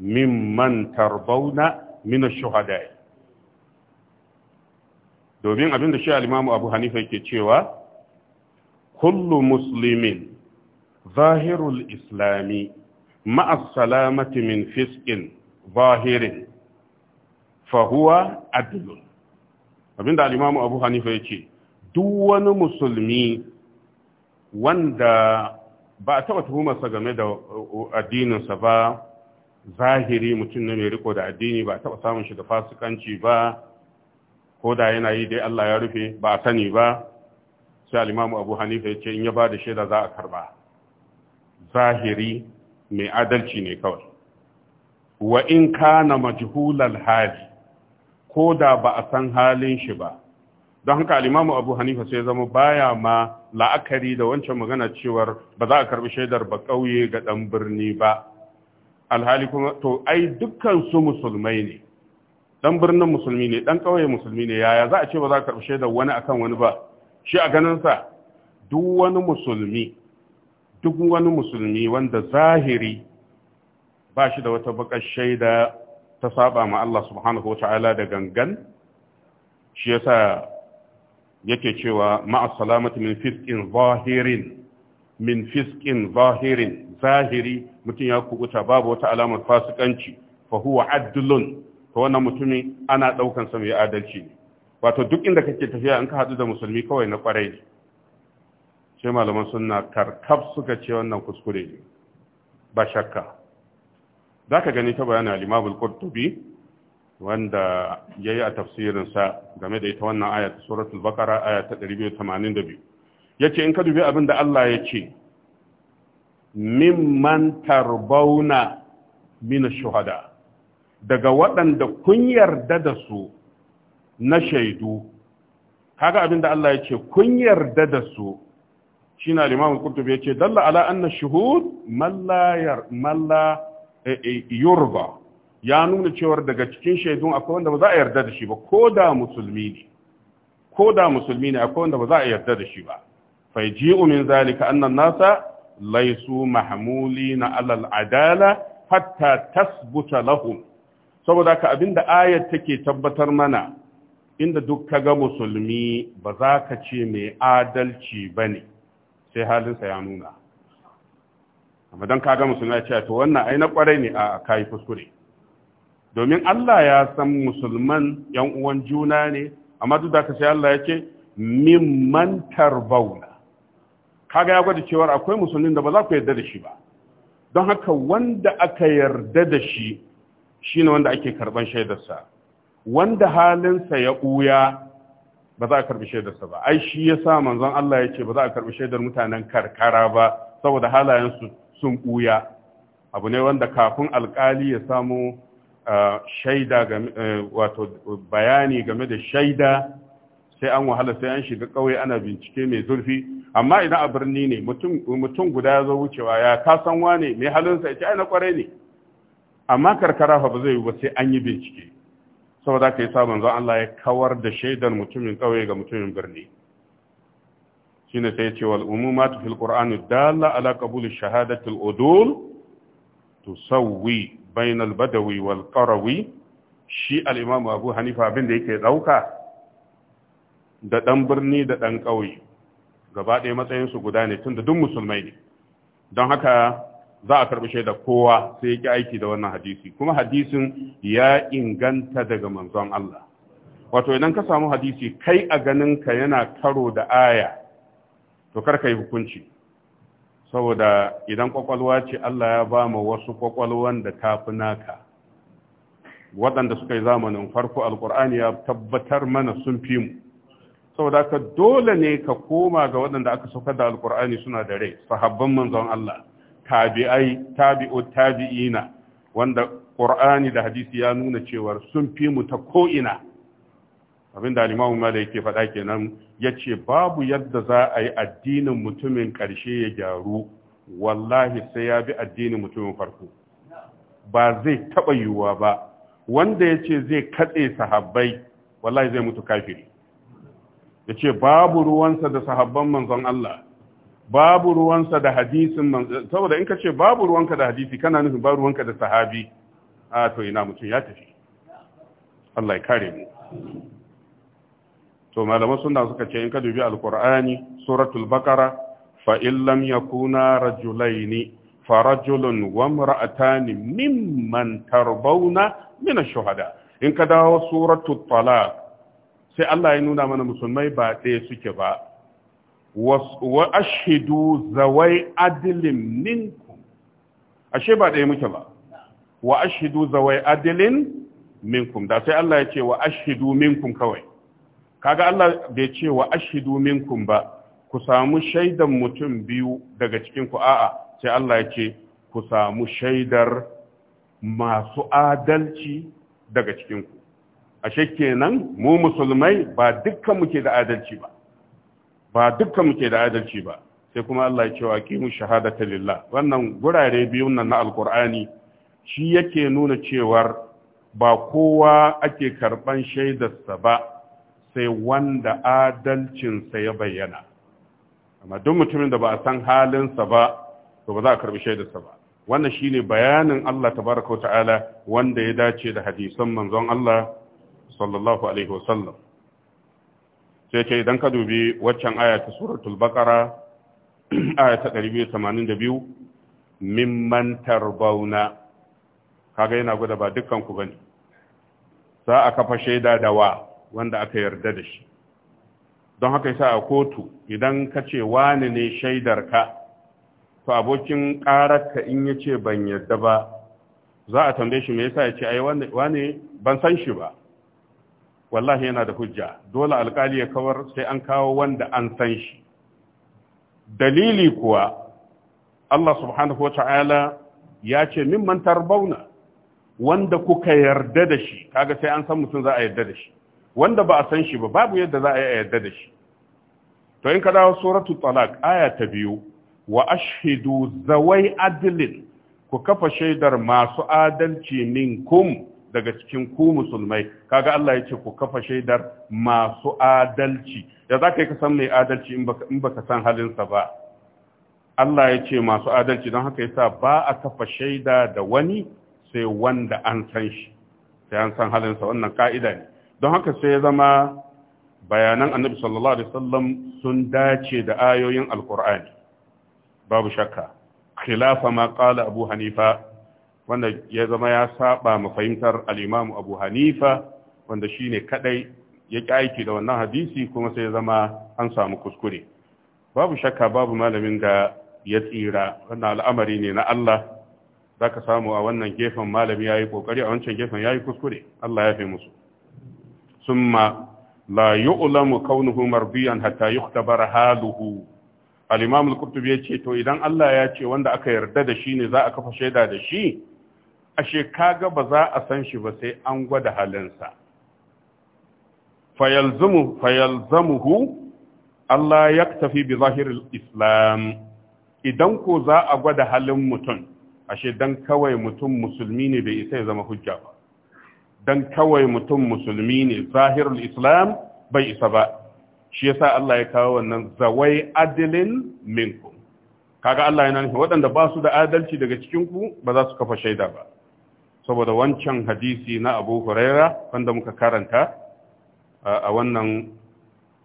mimman tarbauna min ash-shuhada'i domin abin da shi alimamu abu hanifa ke cewa kullu muslimin zahirul islami ma'as salamati min fiskin zahirin fahuwa adilun da alimamu abu hanifa ya ce duk wani musulmi wanda ba a taba tuhumarsa game da uh, uh, addininsa ba zahiri mutum na mai riko da addini ba a taba samun shi da fasikanci ba ko da yana yi dai Allah ya rufe ba a sani ba sai alimamu abu hanifa ya ce in ya ba da shaida za a karba zahiri mai adalci ne kawai wa in kana majhulal hali ko da ba a san halin shi ba don haka alimamu abu hanifa sai zama baya ma la'akari da wancan magana cewar ba za a karbi shaidar ba ƙauye ga ɗan birni ba alhali kuma to ai dukkan su musulmai ne dan birnin musulmi ne dan ƙauye musulmi ne yaya za a ce ba za a karɓi shaidar wani akan wani ba shi a ganin sa duk wani musulmi duk wani musulmi wanda zahiri ba shi da wata bakar shaida ta saba ma Allah subhanahu wata'ala da gangan shi yasa yake cewa ma'a salamati min fiskin zahirin min fiskin zahirin zahiri mutum ya kubuta babu wata alamar fasikanci fa huwa to wannan mutumin ana ɗaukan sa mai adalci ne wato duk inda kake tafiya in ka haɗu da musulmi kawai na ƙwarai ne sai malaman sunna karkab suka ce wannan kuskure ne ba shakka za ka gani ta bayani al-imamul qurtubi wanda ya yi a tafsirinsa game da ita wannan aya ta suratul bakara aya ta 282 ya ce in ka dubi abin da Allah ya ce mimman tarbauna mina shuhada daga waɗanda kun yarda da su na shaidu kaga abin da Allah ya ce kun yarda da su shi na limamin kurtubi ya ce dalla ala anna shuhud malla e, e, yurba ya nuna cewar daga cikin shaidun akwai wanda ba za a yarda da shi ba ko da musulmi ne ko da musulmi ne akwai wanda ba za a yarda da shi ba fai ji'u min zalika annan nasa laisu mahamuli na alal adala hatta tasbuta lahum saboda ka da ayat take tabbatar mana inda duk kaga musulmi ba za ka ce mai adalci ba ne sai halinsa ya nuna amma don ka musulmi ya ce to wannan ai na kwarai ne a kayi fuskure. domin Allah ya san musulman yan uwan juna ne amma duk da ka sai Allah ya ce mimman tarbauna kaga ya gwada cewa akwai musulmin da ba za ku yarda da shi ba don haka wanda aka yarda da shi Shi ne wanda ake karban shaidarsa wanda halinsa ya ɓuya ba za a karbi shaidarsa ba ai shi ya sa manzon Allah ya ce ba za a karbi shaidar mutanen karkara ba saboda halayensu sun ɓuya abu ne wanda kafin alkali ya samu shaida wato bayani game da shaida sai an wahala sai an shiga ƙauye ana bincike mai zurfi amma idan a birni ne mutum guda ya zo wucewa ya kasan wane mai halinsa ya ce ai na kwarai ne amma karkara fa ba zai yi ba sai an yi bincike saboda ka yi sa manzon Allah ya kawar da shaidar mutumin kauye ga mutumin birni shine sai ce wal umumat fil qur'an dalla ala qabul shahadati al udul tusawwi bain al badawi wal qarawi shi al imam abu hanifa abin da yake dauka da dan birni da dan kauye gaba ɗaya matsayin su guda ne tunda duk musulmai ne don haka za a karɓi shaida kowa sai ya ƙi aiki da wannan hadisi kuma hadisin ya inganta daga manzon Allah wato idan ka samu hadisi kai a ganin ka yana karo da aya to kar ka yi hukunci saboda idan kwakwalwa ce Allah ya ba mu wasu kwakwalwan da tafi naka waɗanda suka yi zamanin farko alkur'ani ya tabbatar mana sun fi mu saboda ka dole ne ka koma ga waɗanda aka sauka da alkur'ani suna da rai sahabban manzon Allah tabi'ai tabi'u tabi'ina wanda qur'ani da hadisi ya nuna cewa sun fi mu ta ko'ina abinda al-imamu malik yake faɗa kenan yace babu yadda za a yi addinin mutumin karshe ya gyaru wallahi sai ya bi addinin mutumin farko ba zai taɓa yiwuwa ba wanda yace zai katse sahabbai wallahi zai mutu kafiri yace babu ruwansa da sahabban manzon Allah babu ruwansa da hadisin man saboda in ka ce babu ruwanka da hadisi kana nufin babu ruwanka da sahabi a to ina mutum ya tafi Allah ya kare mu to malaman sunna suka ce in ka dubi alqur'ani suratul baqara fa in lam yakuna rajulaini fa rajulun wa imra'atani mimman tarbawna min ash-shuhada in ka dawo suratul talaq sai Allah ya nuna mana musulmai ba ɗaya suke ba wa ashidu zawai adlin minkum ashe ba ɗaya muke ba wa ashidu zawai adilin minkum da sai Allah ya ce wa ashidu minkum kawai kaga Allah bai ce wa ashidu minkum ba ku samu shaidar mutum biyu daga cikin ku a'a sai Allah ya ce ku samu shaidar masu adalci daga cikin ku ashe kenan mu musulmai ba dukkan muke da adalci ba ba dukkan muke da adalci ba sai kuma Allah ya ce wa qimu shahadata lillah wannan gurare biyun nan na alqur'ani shi yake nuna cewar ba kowa ake karban shaidarsa ba sai wanda adalcinsa ya bayyana amma duk mutumin da ba a san halinsa ba to ba za a karbi shaidarsa ba wannan shine bayanin Allah tabaraka ta'ala wanda ya dace da hadisan manzon Allah sallallahu alaihi wasallam sai ce idan ka dubi waccan aya ta suratul baqara aya ta 282 mimman tarbauna kaga yana gwada ba dukkan ku bane za a kafa shaida da wa wanda aka yarda da shi don haka yasa a kotu idan ka ce wani ne shaidar ka to abokin ka in ya ce ban yarda ba za a tambaye shi me yasa ya ce ai wani ban san shi ba wallahi yana da hujja dole alkali ya kawar sai an kawo wanda an san shi dalili kuwa Allah subhanahu wa ta'ala ya ce mimman tarbauna wanda kuka yarda da shi kaga sai an san mutum za a yarda da shi wanda ba a san shi ba babu yadda za a yi a yarda da shi to in ka dawo suratu talaq aya ta biyu wa ashhidu zawai adlin ku kafa shaidar masu adalci minkum daga cikin ku musulmai kaga Allah ya ce ku kafa shaidar masu adalci ya za ka yi kasan mai adalci in baka san halinsa ba Allah ya ce masu adalci don haka yasa ba a kafa shaida da wani sai wanda an san shi sai an san halinsa wannan ka'ida ne don haka sai ya zama bayanan annabi sallallahu alaihi wasallam sun dace da ayoyin alqur'ani babu shakka khilafa ma qala abu hanifa wanda ya zama ya saba ma fahimtar al-Imam Abu Hanifa wanda shine kadai ya ƙi aiki da wannan hadisi kuma sai ya zama an samu kuskure babu shakka babu malamin ga ya tsira wannan al'amari ne na Allah zaka samu a wannan gefen malami yayi kokari a wancan gefen yayi kuskure Allah ya fi musu summa la yu'lamu kaunuhu marbiyan hatta yuktabar haluhu al-imam al-qurtubi to idan Allah ya ce wanda aka yarda da shi ne za a kafa shaida da shi ashe kaga ba za a san shi ba sai an gwada halinsa fayalzamuhu Allah ya tafi bi zahirin islam idan ko za a gwada halin mutum ashe dan kawai mutum musulmi ne bai isa ya zama hujja ba dan kawai mutum musulmi ne zahirul islam bai isa ba shi yasa Allah ya kawo wannan zawai adilin minkum kaga Allah yana nufin waɗanda ba su da adalci daga cikin ku ba za su kafa shaida ba saboda wancan hadisi na abu huraira wanda muka karanta a wannan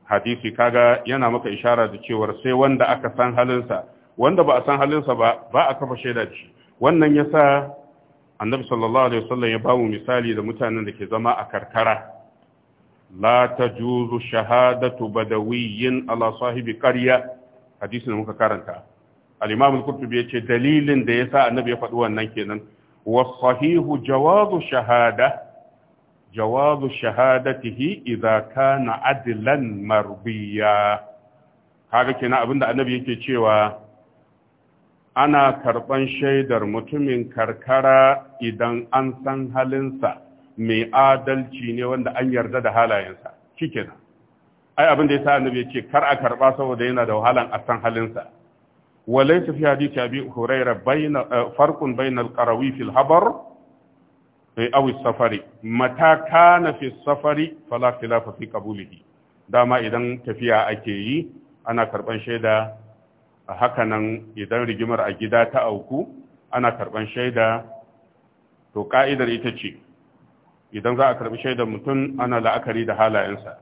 hadisi kaga yana maka ishara da cewar sai wanda aka san halinsa wanda ba a san halinsa ba ba a kafa shaida da shi wannan ya sa annabi sallallahu alaihi wasallam ya bamu misali da mutanen da ke zama a karkara la tajuzu shahadatu badawiyyin ala sahibi qarya da muka karanta al-imam al-qurtubi yace dalilin da yasa annabi ya faɗi wannan kenan والصحيح جواز شهادة جواز شهادته إذا كان عدلا مرضيا kaga kenan abinda annabi yake cewa ana karban shaidar mutumin karkara idan an san halinsa mai adalci ne wanda an yarda da halayensa shikenan ai abinda yasa annabi ya ce kar a karɓa saboda yana da wahalan a san halinsa وليس في حديث أبي هريرة بين فرق بين القروي في الحبر أو السفر متى كان في السفر فلا خلاف في قبوله داما إذا تفيا أكيي أنا كربان شيدا hakanan idan rigimar a gida ta auku ana karban shaida to ƙa'idar ita ce idan za a karbi shaidar mutum ana la'akari da halayensa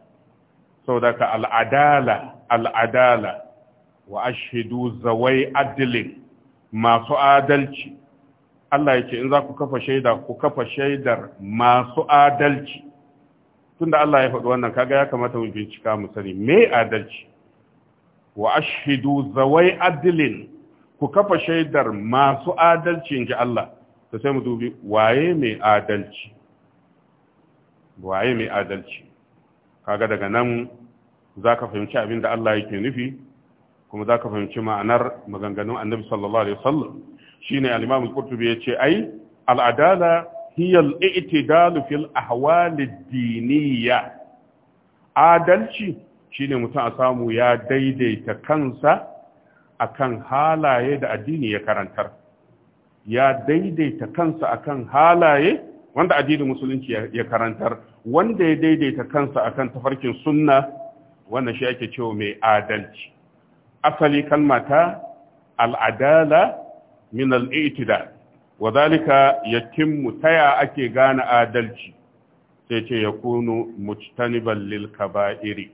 sau da al'adala al'adala wa ashidu zawai adlin masu adalci Allah ya ce in za ku kafa shaida ku kafa shaidar masu adalci tunda Allah ya faɗi wannan kaga ya kamata mu bincika mu sani me adalci wa ashidu zawai adlin ku kafa shaidar masu adalci ji Allah to sai mu dubi waye me adalci waye me adalci kaga daga nan za ka fahimci abin da Allah yake nufi kuma za ka fahimci ma'anar maganganun annabi sallallahu alaihi wasallam shine al-imam al-qurtubi yace ai al-adala hiya al-i'tidal fil ahwal ad-diniyya adalci shine mutum a samu ya daidaita kansa akan halaye da addini ya karantar ya daidaita kansa akan halaye wanda addinin musulunci ya karantar wanda ya daidaita kansa akan tafarkin sunna wannan shi ake cewa mai adalci asali kalmata al'adala min al'itida wa zalika yatimmu taya ake gane adalci sai ce ya kunu mujtaniban ba iri,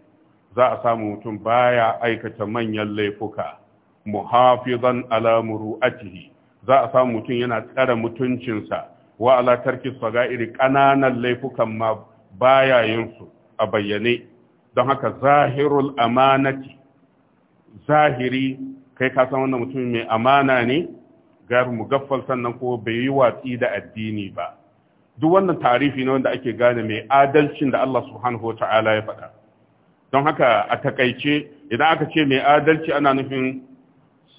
za a samu mutum baya aikata manyan laifuka muhafizan a muru'atihi za a samu mutum yana tsara mutuncinsa wa ala saga iri ƙananan laifukan ma baya yin su a bayyane don haka zahirul amanati zahiri kai ka san wannan mutum mai amana ne gar gaffal sannan ko bai yi watsi da addini ba duk wannan tarihi ne wanda ake gane mai adalcin da Allah subhanahu wata'ala ya faɗa don haka a takaice idan aka ce mai adalci ana nufin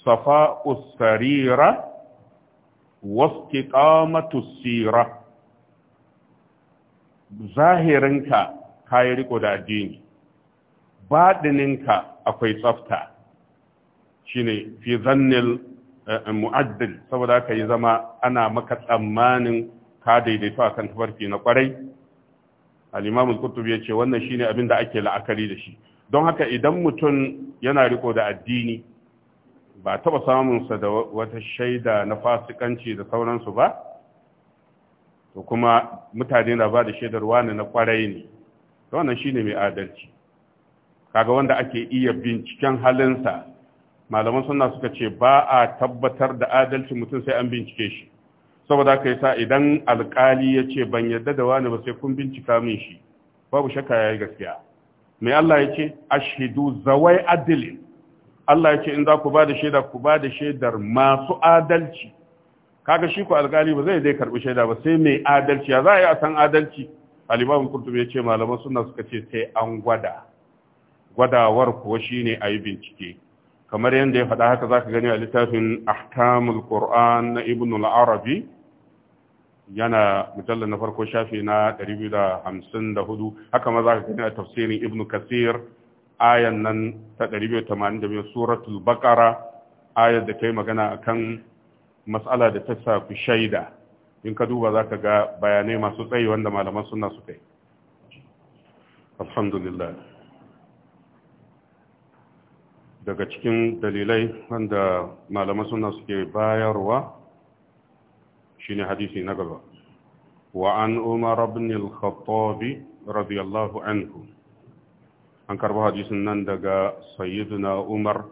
safa usarira wastiqamatu sira zahirinka kayi riko da addini baɗininka akwai tsafta shine fi zannil eh, mu'addil saboda haka yi zama ana maka tsammanin ka daidaito kan tafarki na kwarai Alimamin kutub ya ce wannan wannan shine abin da ake la'akari da shi don haka idan mutum yana riko da addini ba taba samunsa da wata shaida na fasikanci da sauransu ba to kuma mutane na ba da shaidar wani na kwarai ne wannan shine mai adalci kaga wanda ake iya binciken halinsa malaman sunna suka ce ba a tabbatar da adalci mutum sai an bincike shi saboda haka yasa idan alkali ya ce ban yarda da wani ba sai kun bincika min shi babu shakka yayi gaskiya mai Allah ya ce ashhidu zawai adilin Allah ya ce in za ku ba da shaida ku ba da shaidar masu adalci kaga shi ku alkali ba zai dai karbi shaida ba sai mai adalci ya za a yi a san adalci alimamin kurtubi ya ce malaman suna suka ce sai an gwada gwadawar kuwa shine ayi bincike kamar yadda ya faɗa haka za ka gani a littafin ahkamul ƙor'an na ibn al yana mujallar na farko shafi na 254 haka ma za ka gani a tafsirin ibn kasir ayan nan ta 282 suratul baqara ayar da ta yi magana a kan matsala da ta sa ku shaida in ka duba za ka ga bayanai masu tsayi wanda malaman suna su kai alhamdulillah daga cikin dalilai wanda malaman suna suke bayarwa shine hadisi na gaba wa an umar ibn al-khattab radiyallahu anhu an karbo hadisin nan daga sayyidina umar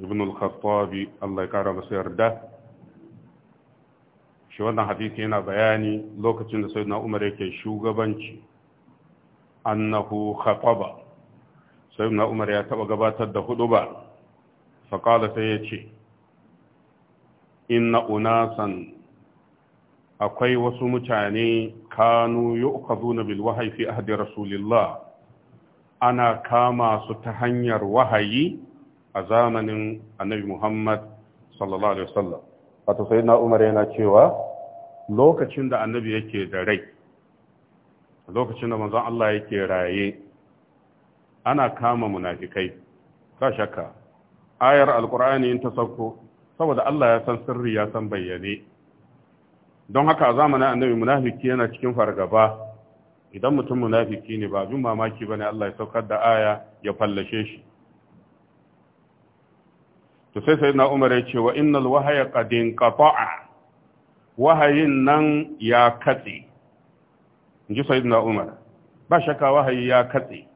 ibn al-khattab Allah ya kara masa yarda shi wannan hadisi yana bayani lokacin da sayyidina umar yake shugabanci annahu khataba sai na umar ya taɓa gabatar da hudu ba faƙala sai ya ce inna unasan akwai wasu mutane kanu yu'khaduna bil wahyi fi ahdi rasulillah ana kama su ta hanyar wahayi a zamanin annabi Muhammad sallallahu alaihi wasallam wato sayyidina Umar yana cewa lokacin da annabi yake da rai lokacin da manzon Allah yake raye ana kama munafikai ba shakka ayar alkur'ani ta sauko saboda Allah ya san sirri ya san bayyane don haka a zamanin annabi munafiki yana cikin fargaba idan mutum munafiki ne ba abin mamaki bane Allah ya saukar da aya ya fallashe shi to sai sayyidina Umar ya ce wa innal wahaya qad inqata'a wahayin nan ya katse inji sayyidina Umar ba shakka wahayi ya katse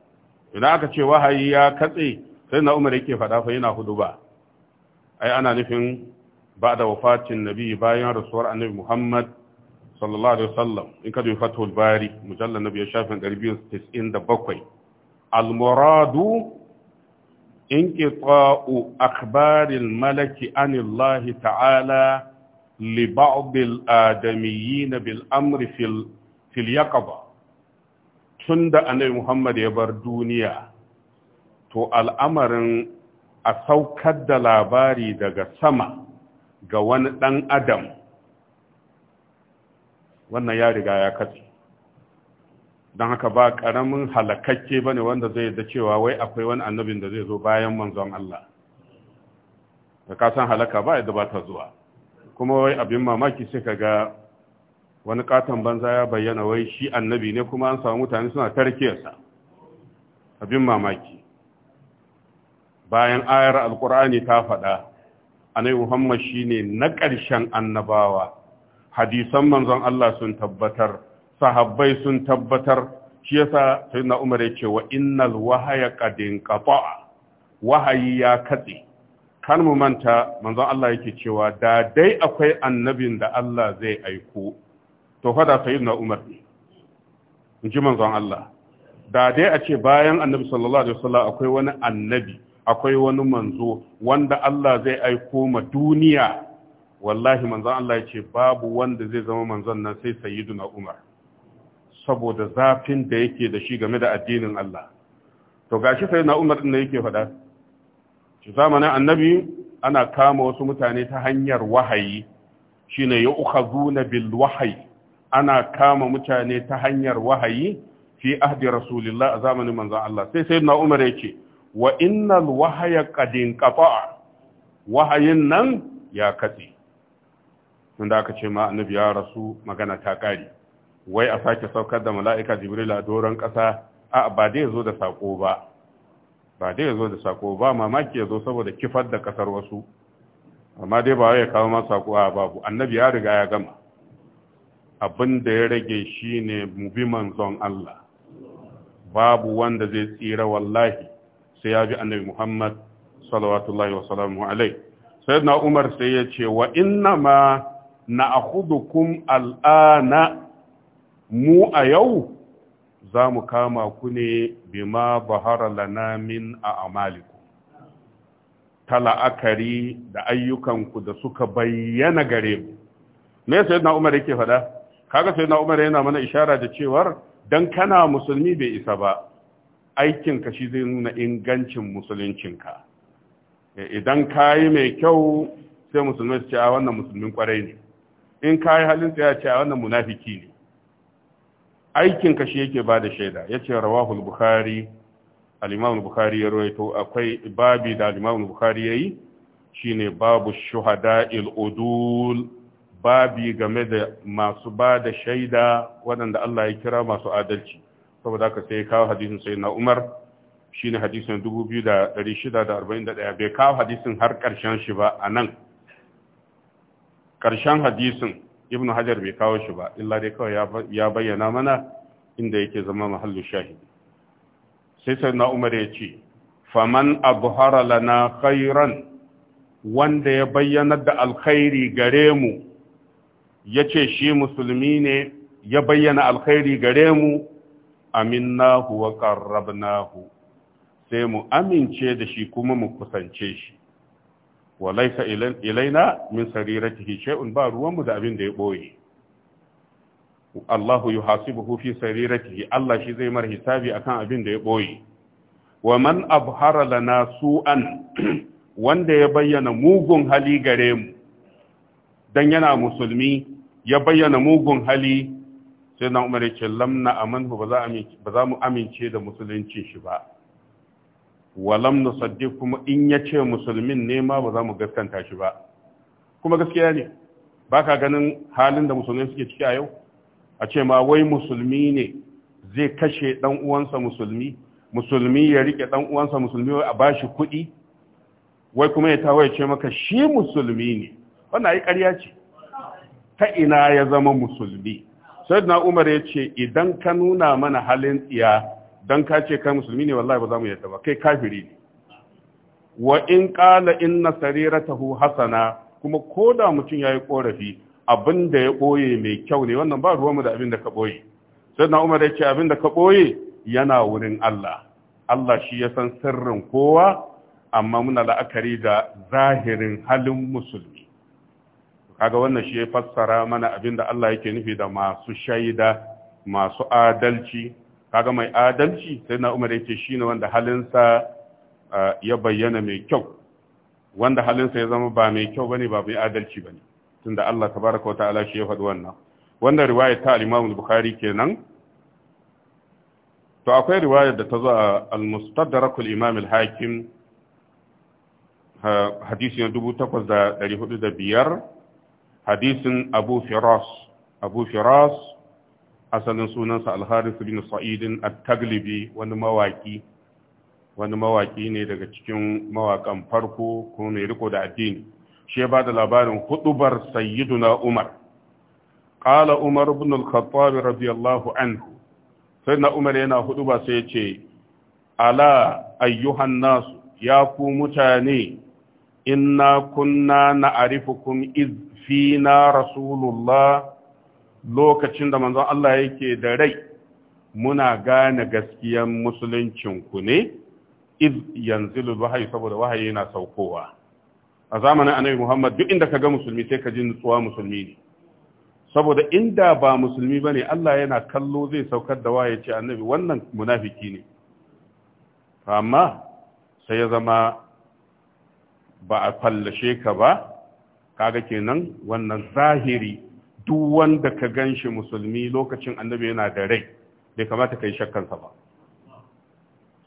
idan aka ce wahayi ya katse sai na umar yake faɗa fa yana hudu ba ai ana nufin ba da wafatin nabi bayan rasuwar annabi muhammad sallallahu alaihi wasallam in ka dubi fathul bari Mujalla nabi ya shafin 297 al-muradu malaki أخبار الملك عن الله تعالى لبعض الآدميين بالأمر في, ال... في اليقظة tun da annabi Muhammad ya bar duniya to al'amarin a saukar da labari daga sama ga wani ɗan adam wannan ya riga ya kace. don haka ba ƙaramin halakakke ba ne wanda zai da cewa wai akwai wani annabin da zai zo bayan manzon Allah da kasan halaka ba da ba ta zuwa kuma wai abin mamaki sai ka ga wani katon banza ya bayyana wai shi annabi ne kuma an samu mutane suna tarkiyarsa abin mamaki bayan ayar alkur'ani ta faɗa nai muhammad shi ne na ƙarshen annabawa hadisan manzon Allah sun tabbatar sahabbai sun tabbatar shi yasa na umar ya ce wa innal wahaya ƙadin ƙafa'a. wahayi ya katse kan mu manta manzon Allah yake cewa da dai akwai annabin da Allah zai aiko to fada na Umar in ji manzon Allah da dai a ce bayan annabi sallallahu alaihi wasallam akwai wani annabi akwai wani manzo wanda Allah zai aiko ma duniya wallahi manzon Allah ya ce babu wanda zai zama manzon nan sai sayyiduna Umar saboda zafin da yake da shi game da addinin Allah to gashi sayyiduna Umar din ne yake faɗa shi zamanin annabi ana kama wasu mutane ta hanyar wahayi shine ya ukhazuna bil wahayi ana kama mutane ta hanyar wahayi fi ahdi rasulillah a zamanin manzon Allah sai sai na umar yake wa innal wahaya qadin qata'a wahayin nan ya katse da aka ce ma annabi ya rasu magana ta kare wai a sake saukar da mala'ika jibril a doron kasa a ba dai yazo da sako ba ba dai yazo da sako ba mamaki yazo saboda kifar da kasar wasu amma dai ba ya kawo ma sako a babu annabi ya riga ya gama abin da ya rage shi ne mu bi manzon Allah babu wanda zai tsira wallahi sai ya bi annabi Muhammad salawatullahi wa salamu alai sai na Umar sai ya ce wa inna ma kun al'ana mu a yau za mu kama ku ne bima bahara lanamin a amaliku ta la'akari da ayyukanku da suka bayyana gare mu me sai na Umar yake faɗa kaga sai na umar yana mana ishara da cewar dan kana musulmi bai isa ba aikinka shi zai nuna ingancin musuluncinka eh, idan ka yi mai kyau sai musulmi su ce a wannan musulmin kwarai ne in ka yi halin ya ce a wannan munafiki ne aikinka shi yake ba da shaida ya ce rawahul bukhari al-imam bukhari ya rawaito akwai babi da al-imam bukhari yayi shine babu shuhada il udul babi game da masu ba da shaida waɗanda Allah ya kira masu adalci saboda aka sai kawo hadisin sai na Umar ne hadisin 2641 bai kawo hadisin har ƙarshen shi ba a nan ƙarshen hadisin ibn hajar bai kawo shi ba illa dai kawai ya bayyana mana inda yake zama mahallu shahidi sai sai na umar ya ce faman abu lana khairan wanda ya bayyanar da alkhairi gare mu ya ce shi musulmi ne ya bayyana alkhairi gare mu aminnahu wa qarrabnahu sai mu amince da shi kuma mu kusance shi walaysa ilaina min sariratihi shay'un ba ruwanmu da abin da ya boye Allahu yuhasibuhu fi sariratihi Allah shi zai mar hisabi akan abin da ya boye wa man abhara lana su'an wanda ya bayyana mugun hali gare mu dan yana musulmi ya bayyana mugun hali sai na umar ce lamna amanhu ba za mu amince da musulunci shi ba Wa lam nusaddiq kuma in ya ce musulmin ne ma ba za mu gaskanta shi ba kuma gaskiya ne ba ganin halin da musulmi suke ciki a yau a ce ma wai musulmi ne zai kashe dan uwansa musulmi musulmi ya rike dan uwansa musulmi a bashi kuɗi wai kuma ya ya ce maka shi musulmi ne wannan ai ƙarya ce ta ina ya zama musulmi na umar ya ce idan ka nuna mana halin tsiya don ka ce kai musulmi ne wallahi ba za mu yarda ba kai kafiri ne wa in qala ta sariratahu hasana kuma ko da mutum ya yi korafi abin da ya boye mai kyau ne wannan ba ruwanmu da abin da ka sai na umar ya ce abin da ka ɓoye yana wurin Allah Allah shi ya san sirrin kowa amma muna la'akari da zahirin halin musulmi kaga wannan shi ya fassara mana abin da Allah yake nufi da masu shaida masu adalci kaga mai adalci sai na umar yake ne wanda halinsa ya bayyana mai kyau wanda halinsa ya zama ba mai kyau bane ba mai adalci bane tunda Allah tabaraka wa ta'ala shi ya faɗi wannan wannan riwaya ta al-Imam al-Bukhari kenan to akwai riwayar da ta zo a al-Mustadrak al-Imam al-Hakim hadisi na 8405 hadisin abu firas abu firas asalin sunansa alharis bin sa'idin at-taglibi wani mawaƙi. wani mawaki ne daga cikin mawakan farko kuma mai riƙo da addini shi ba da labarin hudubar sayyiduna umar qala umar ibn al-khattab radiyallahu anhu sai na umar yana huduba sai ce ala ayyuhan nasu ya ku mutane inna kunna na'rifukum iz fina rasulullah lokacin da manzon Allah yake da rai muna gane gaskiyan musuluncin ku ne iz yanzilu wahayi saboda wahayi yana saukowa a zamanin annabi Muhammad duk inda kaga musulmi sai ka ji nutsuwa musulmi ne saboda inda ba musulmi bane Allah yana kallo zai saukar da waye ce annabi wannan munafiki ne amma sai ya zama ba a fallashe ka ba kaga kenan wannan zahiri duk wanda ka ganshi musulmi lokacin annabi yana da rai bai kamata kai shakkansa ba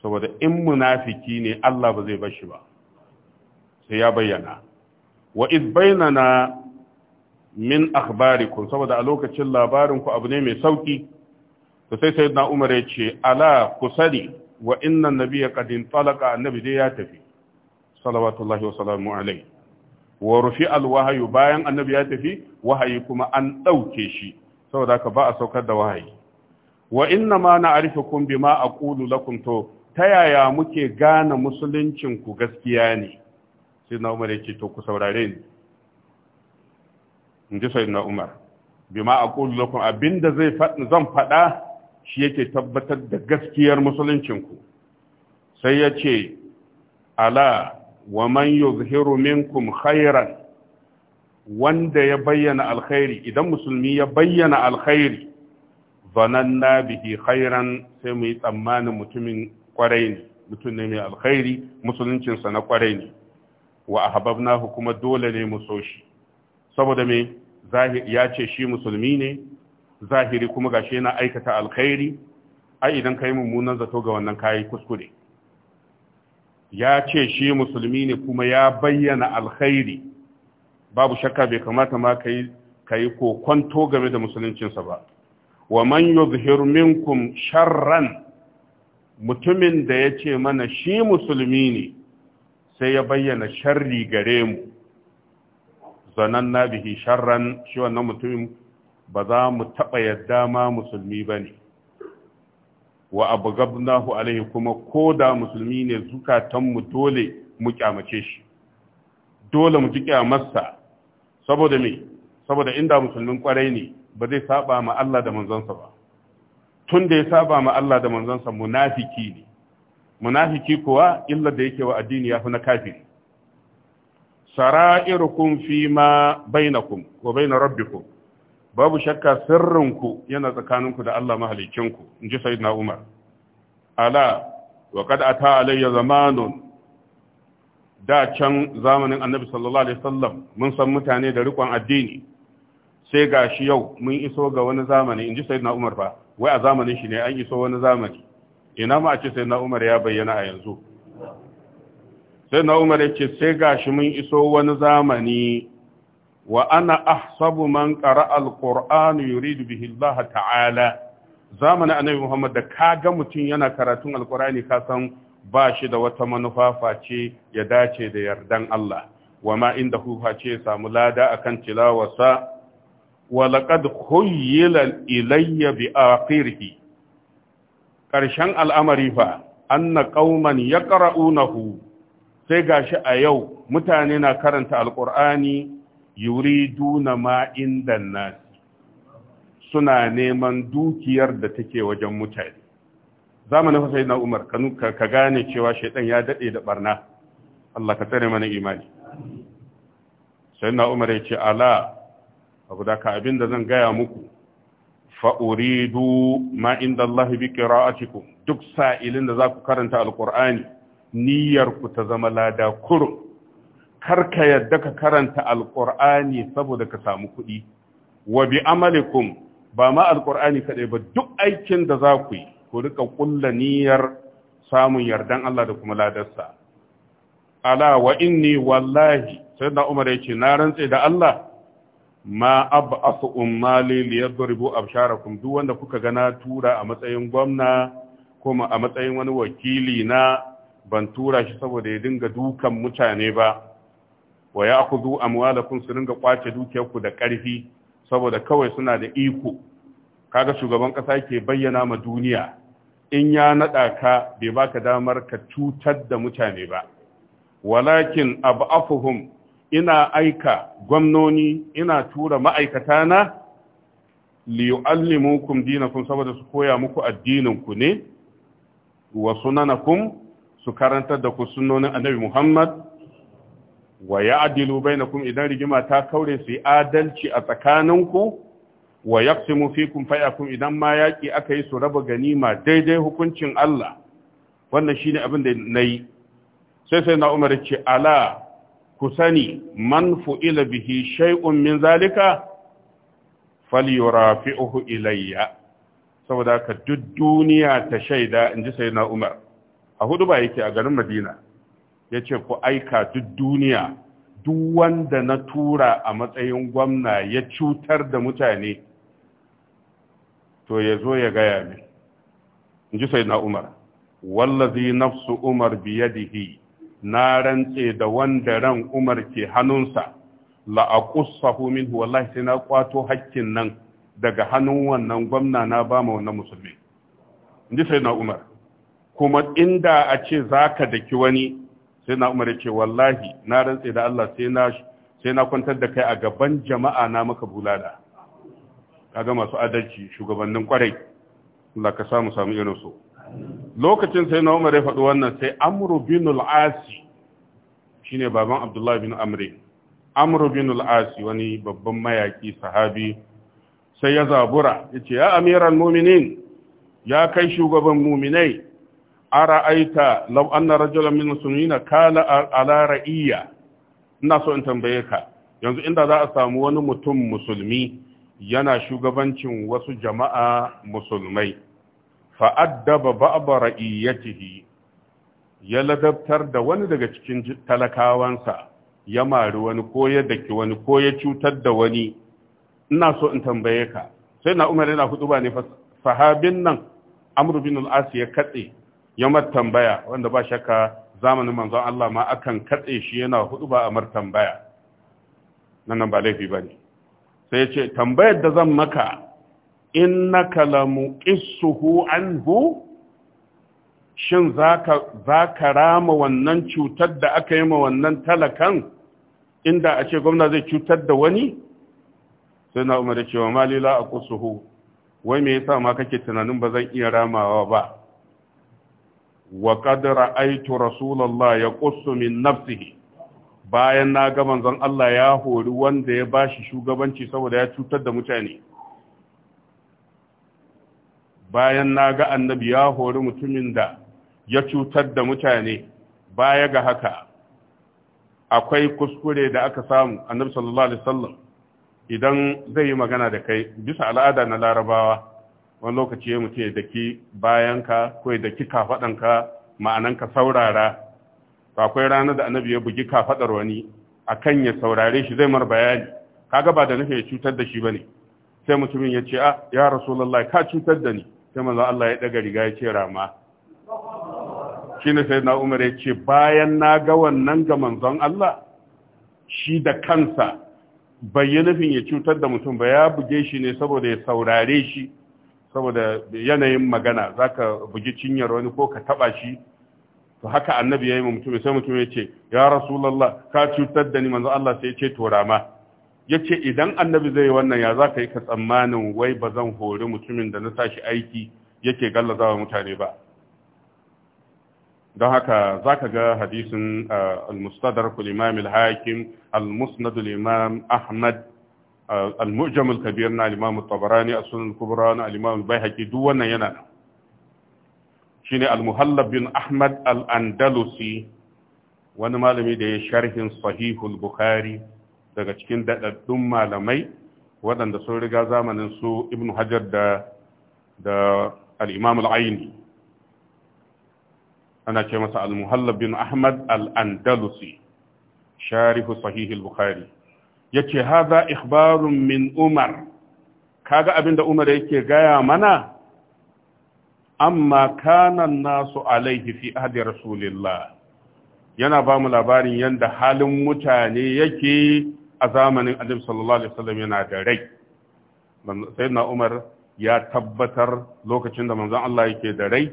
saboda in munafiki ne Allah ba zai bashi ba sai ya bayyana wa iz bainana min akhbarikum saboda a lokacin labarin ku abu ne mai sauki to sai sayyidina Umar ya ce ala kusari wa inna nabiyya qad intalaka annabi dai ya tafi salawatullahi wa salamu alai wa rufi alwahayu bayan annabi ya tafi wahayi kuma an ɗauke shi saboda ka ba a saukar da wahayi wa inna ma na ma a aqulu lakum to ta yaya muke gane musuluncinku gaskiya ne sai na umar yake to ku saurare ni in ji sai na umar bima aqulu lakum abinda zai zan faɗa shi yake tabbatar da gaskiyar musuluncinku. sai ya ce ala wa man yuzhiru minkum wanda ya bayyana alkhairi idan musulmi ya bayyana alkhairi zananna bihi khairan sai mu yi tsammanin mutumin kwarai ne mutum ne mai alkhairi musuluncinsa na kwarai ne wa ahbabnahu kuma dole ne mu so shi saboda me zahiri ya ce shi musulmi ne zahiri kuma gashi yana aikata alkhairi ai idan kai mummunan zato ga wannan kai kuskure ya ce shi musulmi ne kuma ya bayyana alkhairi babu shakka bai kamata ma kai kai kokonto game da musuluncinsa ba wa man yuzhir minkum sharran mutumin da ya ce mana shi musulmi ne sai ya bayyana sharri gare mu zanen nabihi sharran shi wannan mutumin ba za mu taɓa yadda ma musulmi bane wa abu gabnahu alaihi kuma ko da musulmi ne zukatanmu dole mu kyamace shi dole mu ji kyamarsa saboda me saboda inda musulmin kwarai ne ba zai saba ma Allah da manzonsa ba tun da ya saba ma Allah da manzonsa munafiki ne munafiki kuwa illa da yake wa addini yafi na kafiri sara'irukum fi ma bainakum wa bain rabbikum babu shakka sirrinku yana tsakaninku da Allah mahalikinku in ji sayyidina Umar ala wa kad ata alayya zamanun da can zamanin annabi sallallahu alaihi wasallam mun san mutane da rikon addini sai gashi yau mun iso ga wani zamani in ji sayyidina Umar fa wai a zamanin shi ne an iso wani zamani ina ma a ce sayyidina Umar ya bayyana a yanzu sayyidina Umar ya ce sai gashi mun iso wani zamani wa ana ahsabu man qara'a al-qur'an yuridu bihi Allah ta'ala Zamani annabi Muhammad da ka ga mutum yana karatun alqur'ani ka san ba shi da wata manufa face ya dace da yardan Allah wa ma inda hufa ce samu lada akan tilawarsa wa laqad khuyyila ilayya bi akhirih karshen al'amari fa anna qauman yaqra'unahu sai gashi a yau mutane na karanta alqur'ani yuriduna ma inda nasi suna neman dukiyar da take wajen mutane zamanin fasai na umar ka gane cewa shaidan ya daɗe da barna Allah ka tsare mana imani sai na umar ya ce ala A guda ka abin da zan gaya muku fa'uridu ma inda Allah bi kira'atikum duk sa'ilin da za ku karanta alƙur'ani niyyarku ta zama lada kurum kar ka yadda ka karanta Alƙur'ani saboda ka samu kuɗi wa bi amalikum ba ma Alƙur'ani kaɗai ba duk aikin da za ku yi ku rika kulla niyyar samun yardan Allah da kuma ladarsa ala wa inni wallahi da umar yace na rantse da Allah ma ab'asu ummali yadribu absharakum duk wanda kuka gana tura a matsayin gwamna kuma a matsayin wani wakili na ban tura shi saboda ya dinga dukan mutane ba wa a amwalakum su ringa kwace dukiyarku da ƙarfi saboda kawai suna da iko kaga shugaban ƙasa ke bayyana ma duniya in ya naɗa ka bai baka damar ka cutar da mutane ba walakin ab'afuhum ina aika gwamnoni ina tura ma'aikata na yu'allimukum dinakum saboda su koya muku addinin ku ne wa sunanakum su karantar da ku sunnonin annabi Muhammad wa ya baina bainakum idan rigima ta kaure su adalci a tsakaninku wa yaqsimu fikum fayakum idan ma yaki aka yi su raba ganima daidai hukuncin Allah wannan shine abin da nayi sai sai na Umar ce ala ku sani man fu'ila bihi shay'un min zalika falyurafi'uhu ilayya saboda ka duk duniya ta shaida inji sai na Umar a hudu ba yake a garin Madina ya ce ku aika duk duniya duk wanda na tura a matsayin gwamna ya cutar da mutane to ya zo ya gaya min in ji sai na umar wallazi nafsu umar biyadihi na rantse da wanda ran umar ke hannunsa la'aƙusahu minhu wallahi sai na kwato hakkin nan daga hannun wannan gwamna na ba ma wannan musulmi in ji sai na umar kuma inda a ce za daki wani sai na umar ce wallahi na rantse da Allah sai na sai na kwantar da kai a gaban jama'a na maka bulala kaga masu adalci shugabannin kwarai Allah ka samu samu irin su lokacin sai na umar ya faɗi wannan sai amru bin al-asi shine baban abdullahi bin amri amru bin al-asi wani babban mayaki sahabi sai ya zabura yace ya amiran mu'minin ya kai shugaban mu'minai ara'aita law anna rajulan min muslimina kala ala ra'iyya ina so in tambaye ka yanzu inda za a samu wani mutum musulmi yana shugabancin wasu jama'a musulmai fa'addaba ba'ba ra'iyyatihi ya ladabtar da wani daga cikin talakawansa ya mari wani ko ya daki wani ko ya cutar da wani ina so in tambaye ka sai na umar yana hudu ba ne sahabin nan amru bin al-as ya katse yamar tambaya wanda ba shakka zamanin manzon Allah ma akan katse shi yana hudu ba a tambaya nan nan ba laifi bane sai ya ce tambayar da zan maka innaka lamu qissuhu anhu shin zaka zaka rama wannan cutar da aka yi ma wannan talakan inda a ce gwamna zai cutar da wani sai na umar cewa malila a kusuhu wai me yasa ma kake tunanin ba zan iya ramawa ba وقد رأيت رسول الله يقص من nafsihi bayan na ga manzon Allah ya hori wanda ya bashi shugabanci saboda ya cutar da mutane bayan na ga annabi ya hori mutumin da ya cutar da mutane baya ga haka akwai kuskure da aka samu annabi sallallahu alaihi wasallam idan zai yi magana da kai bisa al'ada na larabawa wani lokaci ya mutu ya daki bayan ka, ko ya daki ka, ma'anan ka saurara akwai ranar da annabi ya bugi kafaɗar wani akan ya saurare shi zai mar bayani kaga ba da nufin ya cutar da shi bane sai mutumin ya ce a ah, ya rasulullahi ka cutar da ni sai manzo Allah ya daga riga ya ce rama shine sai na Umar ya ce bayan na ga wannan ga manzon Allah shi da kansa bai yi nufin ya cutar da mutum ba ya buge shi ne saboda ya saurare shi saboda yanayin magana zaka bugi cinyar wani ko ka taba shi to haka annabi ya mutum sai mutum ya ce ya rasulullah ka cutar da ni manzo Allah sai ya ce Ya yace idan annabi zai yi wannan ya ka yi ka tsammanin wai bazan hori mutumin da na sa shi aiki yake gallazawa mutane ba don haka zaka ga hadisin ah, al-mustadrak al-imam al-hakim al-musnad al-imam ahmad al-mu'jam al na al-imam tabarani as-sunan na imam duk wannan yana nan shine al-muhallab bin ahmad al-andalusi wani malami da ya sharhin sahihul bukhari daga cikin dadaddun malamai waɗanda sun riga zamanin su ibn hajar da da al-imam al-aini ana ce masa al-muhallab bin ahmad al-andalusi sharihu sahihul bukhari yace haza ikhbarun min umar kaga abinda umar yake gaya mana amma kana nasu alaihi fi ahdi rasulillah yana ba mu labarin yadda halin mutane yake a zamanin annabi sallallahu alaihi wasallam yana da rai sayyidina umar ya tabbatar lokacin da manzon Allah yake da rai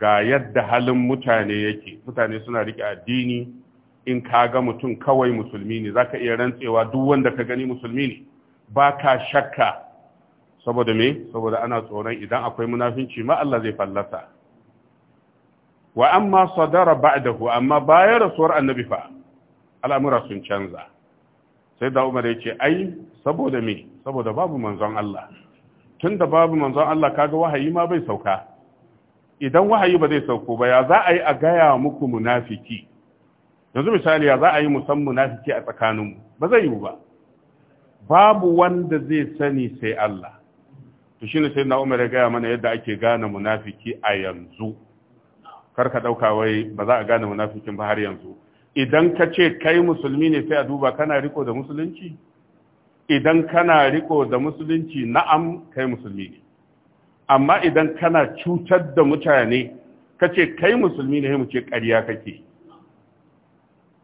ga yadda halin mutane yake mutane suna rike addini in ka ga mutum kawai musulmi ne za ka iya rantsewa duk wanda ka gani musulmi ne ba ka shakka saboda me saboda ana tsoron idan akwai munafinci ma Allah zai fallasa wa amma sadara ba'dahu amma bayan rasuwar annabi fa al'amura sun canza sai da Umar yace ai saboda me saboda babu manzon Allah tunda babu manzon Allah kaga wahayi ma bai sauka idan wahayi ba zai sauko ba ya za a yi a gaya muku munafiki yanzu misali ya za a yi musamman munafuki a tsakaninmu ba zai yiwu ba babu wanda zai sani sai Allah to shine sai na Umar ya gaya mana yadda ake gane munafiki a yanzu kar ka dauka wai ba za a gane munafikin ba har yanzu idan ka ce kai musulmi ne sai a duba kana riko da musulunci idan kana riko da musulunci na'am kai musulmi ne amma idan kana cutar da mutane ka ce kai musulmi ne mu ce ƙarya kake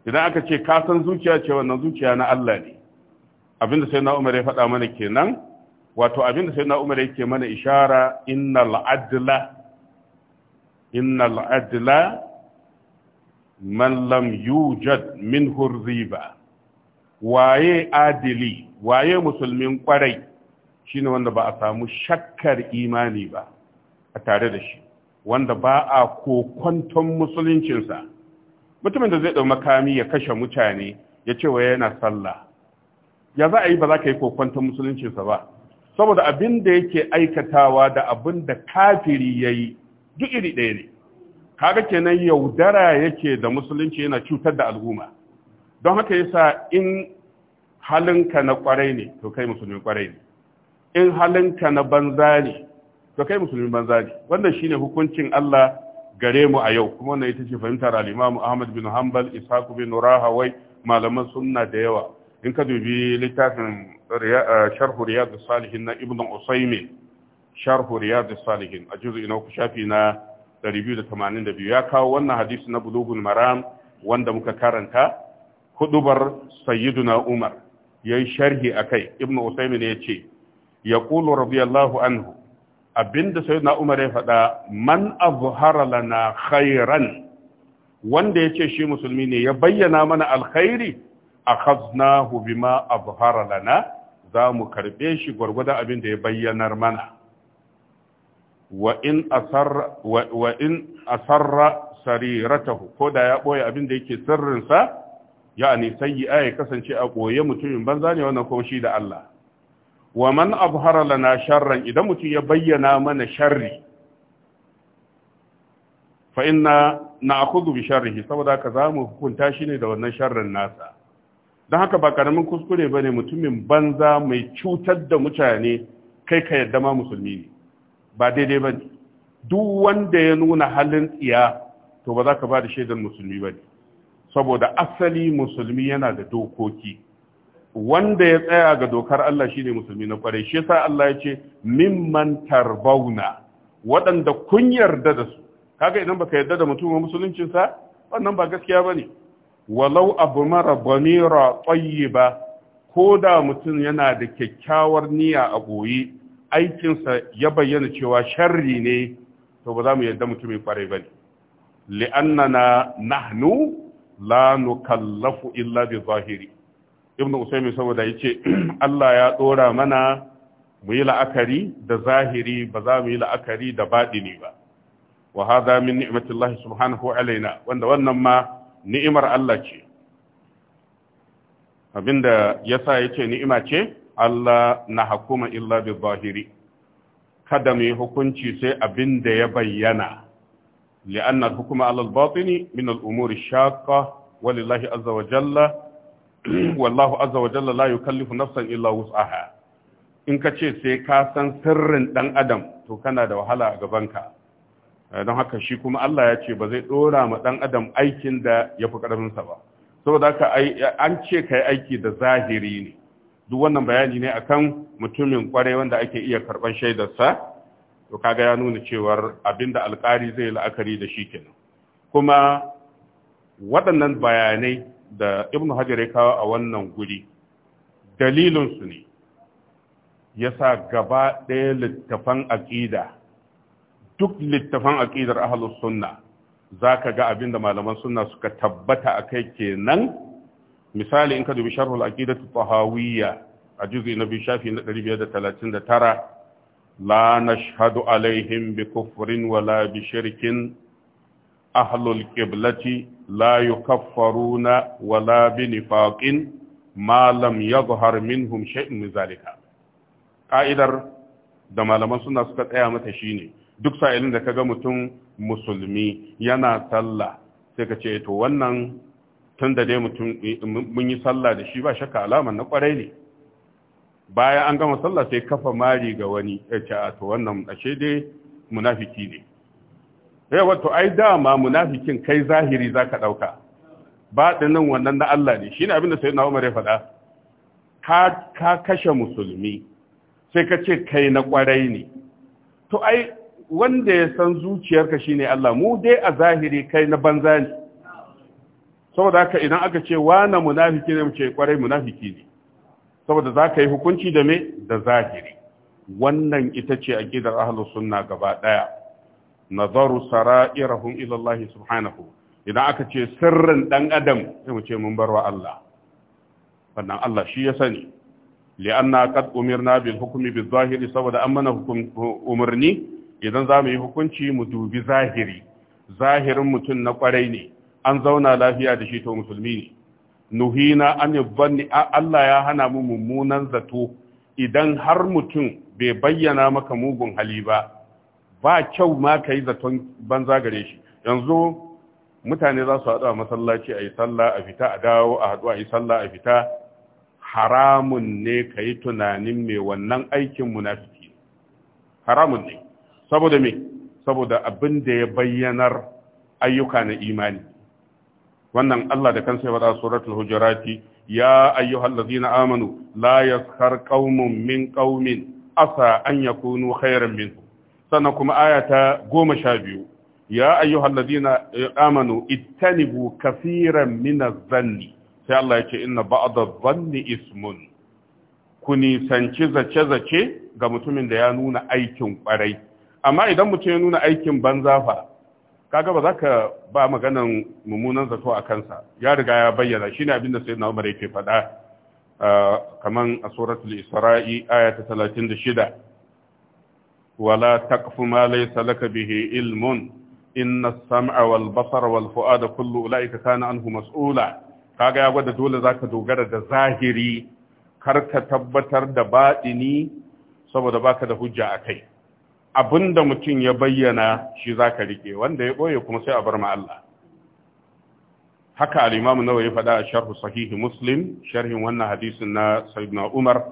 idan aka ce ka san zuciya ce wannan zuciya na Allah ne abinda sai na umar ya faɗa mana kenan wato abinda sai na umar yake mana ishara innal adla innal adla man lam yujad min hurziba waye adili waye musulmin kwarai shine wanda ba a samu shakkar imani ba a tare da shi wanda ba a kwanton musuluncinsa mutumin da zai ɗau makami ya kashe mutane ya ce wa yana sallah ya za a yi ba za ka yi kokwantar musuluncinsa ba saboda abin da yake aikatawa da abin da kafiri ya yi duk iri ɗaya ne kaga kenan yaudara yake da musulunci yana cutar da al'umma don haka yasa in halinka na kwarai ne to kai musulmi kwarai ne in halinka na banza ne to kai musulmi banza ne wannan shine hukuncin Allah gare mu a yau kuma wannan ita ce fahimtar al Ahmad bin Hanbal Ishaq bin Rahawai malaman sunna da yawa in ka dubi littafin eh, sharhu Riyad salihin na Ibn Usaymi sharhu Riyad salihin a juz'i na shafi na 282 ya kawo wannan hadisi na Bulugun Maram wanda muka karanta hudubar Sayyiduna Umar yayi sharhi akai Ibn Usaymi ne yace yaqulu radiyallahu anhu abinda na Umar ya faɗa man azhara lana khairan wanda ya ce shi musulmi ne ya bayyana mana alkhairi akhaznahu bima azhara lana za mu karbe shi gwargwada abin da ya bayyanar mana wa in asarra wa in asarra sariratahu ko da ya boye abin da yake sirrinsa ya'ani sayyi'a ya kasance a boye mutumin banza ne wannan kuma shi da Allah wa man abhara lana sharran idan mutum ya bayyana mana sharri fa inna na'khudhu bi sharrihi saboda ka zamu hukunta shi ne da wannan sharrin nasa don haka ba karamin kuskure bane mutumin banza mai cutar da mutane kai ka yadda ma musulmi ne ba daidai ba duk wanda ya nuna halin tsiya to ba za ka ba da shaidar musulmi ba saboda asali musulmi yana da dokoki wanda ya tsaya ga dokar Allah shine musulmi na kwarai shi yasa Allah ya ce mimman tarbauna waɗanda kun yarda da su kaga idan baka yarda da mutum musuluncin sa wannan ba gaskiya bane walau abu mara bamira ba, ko da mutum yana da kyakkyawar niyya a boye aikinsa ya bayyana cewa sharri ne to ba za mu yarda mutumin kwarai bane li'annana nahnu la nukallafu illa bi zahiri ibn usaimin saboda ya ce Allah ya ɗora mana mu yi la'akari da zahiri ba za mu yi la'akari da baɗini ba wa hada min ni'matillahi subhanahu alaina wanda wannan ma ni'imar Allah ce abinda ya yace ni'ima ce Allah na hakuma illa bi zahiri kada mu yi hukunci sai abinda ya bayyana li'anna hukuma alal batini min al-umuri shaqqa walillahi azza wa jalla wallahu azza wa jalla la yukallifu nafsan illa wus'aha in ka ce sai ka san sirrin dan adam to kana da wahala a gaban ka. Eh, don haka shi kuma Allah ya ce ba zai dora ma dan adam aikin da ya fi sa ba saboda haka an ce kai aiki da zahiri ne duk wannan bayani ne akan mutumin kwarai wanda ake iya karban shaidarsa to kaga ya nuna cewar abinda alkari zai la'akari da shi kenan kuma waɗannan bayanai da ibnu hajar ya kawo a wannan guri dalilinsu ne ya sa gaba ɗaya littafan aƙida duk littafan aƙidar ahalus sunna za ka ga abinda malaman sunna suka tabbata a kai kenan misali in ka dubi sharhul aqidatu tahawiyya a juzi na biyu shafi na tara. la nashhadu alaihim bi kufrin wala bi shirkin ahlul qiblati لا يكفرون ولا بنفاق ما لم يظهر منهم minhum من ذلك zalika da malaman suna suka tsaya mata shine duk sa'ilin da ga mutum musulmi yana sallah sai ka ce to wannan tun da dai mutum mun yi sallah da shi ba shakka alaman na kwarai ne bayan an gama sallah sai kafa mari ga wani ya ce to wannan ashe dai munafiki ne eh wato ai dama munafikin kai zahiri zaka ba ɗinin wannan na Allah ne shine abin da na Umar ya faɗa ka kashe musulmi sai ka ce kai na kwarai ne to ai wanda ya san zuciyarka ne Allah mu dai a zahiri kai na banza ne saboda haka idan aka ce wana munafiki ne mu ce kwarai munafiki ne saboda za ka yi hukunci da me da zahiri wannan ita ce gidan ahlus sunna gaba ɗaya nazaru sara'irahum ila Allah subhanahu idan aka ce sirrin dan adam sai mu ce mun bar wa Allah wannan Allah shi ya sani li'anna qad umirna bil hukmi bil zahiri saboda an mana umarni idan za mu yi hukunci mu dubi zahiri zahirin mutum na kwarai ne an zauna lafiya da shi to musulmi ne nuhina an yabbanni Allah ya hana mu mummunan zato idan har mutum bai bayyana maka mugun hali ba ba kyau ma ka yi zaton banza gare shi yanzu mutane za su haɗu a masallaci a yi sallah a fita a dawo a haɗu a yi sallah a fita haramun ne ka yi tunanin mai wannan aikin munafiki haramun ne saboda me saboda abin da ya bayyanar ayyuka na imani wannan Allah da kansa ya faɗa suratul hujurati ya ayyuhal ladzina amanu la yaskhar qaumun min qaumin asa an yakunu khayran minhum sannan kuma aya ta goma sha biyu ya ayyuhal ladina eh, amanu ittanibu kafiran mina zanni sai Allah ya ce inna ba'da adh ismun ku nisanci zace-zace ga mutumin da ya nuna aikin kwarai amma idan mutum ya nuna aikin banza fa kaga ba za ka ba maganan mummunan zato a kansa ya riga ya bayyana shine abin da na Umar yake faɗa ah, kaman a suratul Isra'i talatin da shida. ولا تقف ما ليس لك به علم إن السمع والبصر والفؤاد كل أولئك كان عنه مسؤولا kaga ya gwada dole zaka dogara da zahiri kar ka tabbatar da baɗini saboda baka da hujja a kai abinda mutum ya bayyana shi zaka rike wanda ya ɓoye kuma sai a bar ma Allah haka alimamu nawa ya faɗa a sharhu sahihi Muslim sharhin wannan hadisin na Sayyidina Umar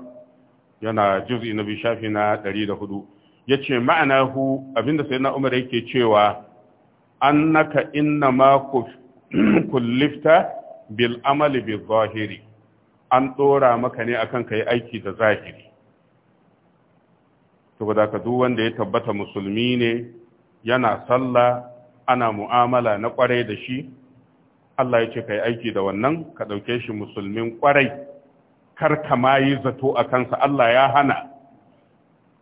yana juz'i na bi shafi na hudu. ya ce ma'ana hu, abinda sai na umar yake cewa annaka inna ma kullifta bil amali bil zahiri an tsora maka ne akan ka yi aiki da zahiri saboda ka duk wanda ya tabbata musulmi ne yana sallah ana mu'amala na kwarai da shi Allah ya ce ka yi aiki da wannan ka ɗauke shi musulmin kwarai kar ka ma zato a kansa Allah ya hana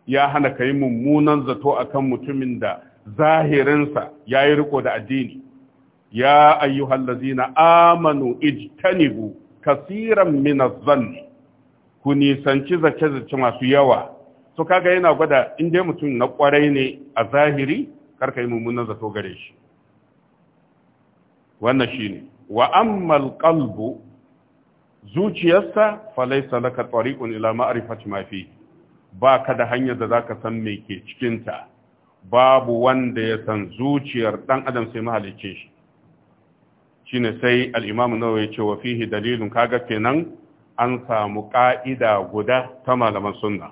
ya hana ka yi mummunan zato akan mutumin da zahirinsa ya yi riko da addini ya ayyuhallazina amanu ijtanibu kasiran minaz zanni ku nisanci zace-zace masu yawa to kaga yana gwada in mutum na kwarai ne a zahiri karka yi mummunan zato gare shi wannan shine wa ammal qalbu zuciyarsa falaysa laka tariqun ila ma'rifati ma fihi ba ka da hanyar da za ka san me ke cikinta babu wanda ya san zuciyar ɗan adam sai mahalicce shi shi ne sai al'imamu nawa ya ce wa fihi dalilin kaga kenan an samu ƙa'ida guda ta malaman sunna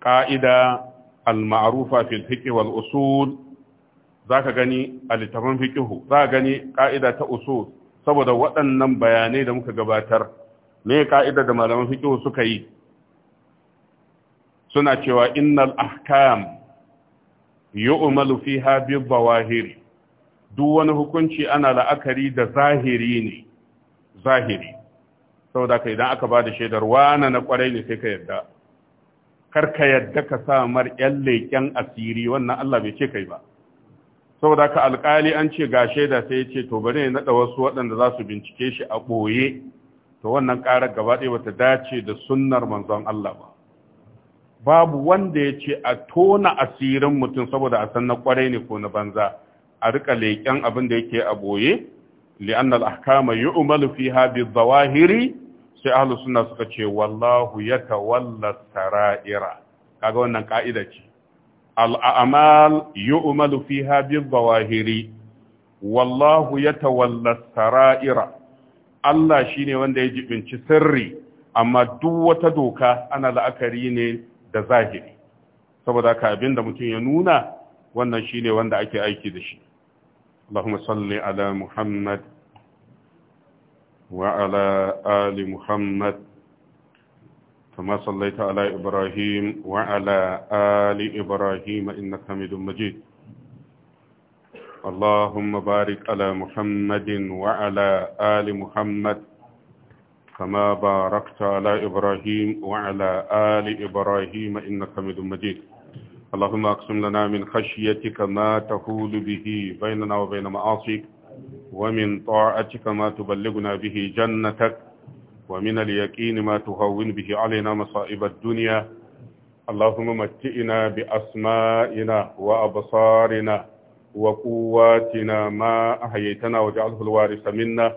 ƙa'ida al-ma'arufa fil fiqh wal usul gani a littafin fikihu za gani ƙa'ida ta usul saboda waɗannan bayanai da muka gabatar me ƙa'ida da malaman fikihu suka yi suna cewa innal ahkam yu'malu fiha bil duk wani hukunci ana la'akari da zahiri ne zahiri saboda ka idan aka bada shaidar wana na kwarai ne sai ka yadda kar ka yadda ka sa mar yan leƙen asiri wannan Allah bai ce kai ba saboda ka alƙali an ce ga shaida sai ya ce to bari ne naɗa wasu waɗanda za su bincike shi a ɓoye to wannan ƙarar gaba ɗaya bata dace da sunnar manzon Allah ba babu wanda ya ce a tona asirin mutum saboda a san na kwarai ne ko na banza a rika leƙen abin da yake a boye li'anna al-ahkama yu'malu fiha bi-zawahiri sai ahlus sunna suka ce wallahu yatawalla saraira kaga wannan ka'ida ce al-a'mal yu'malu fiha bi-zawahiri wallahu yatawalla saraira Allah shine wanda ya jibinci sirri amma duk wata doka ana la'akari ne da zahiri saboda ka abin da mutum ya nuna wannan shi ne wanda ake aiki da shi Allahumma salli ala Muhammad wa ali Muhammad kama sallaita ala Ibrahim wa ala ali Ibrahim innaka hamidun majid Allahumma barik ala Muhammadin wa ali Muhammad كما باركت على إبراهيم وعلى آل إبراهيم إنك حميد مجيد اللهم أقسم لنا من خشيتك ما تحول به بيننا وبين معاصيك ومن طاعتك ما تبلغنا به جنتك ومن اليقين ما تهون به علينا مصائب الدنيا اللهم متئنا بأسمائنا وأبصارنا وقواتنا ما أحييتنا وجعله الوارث منا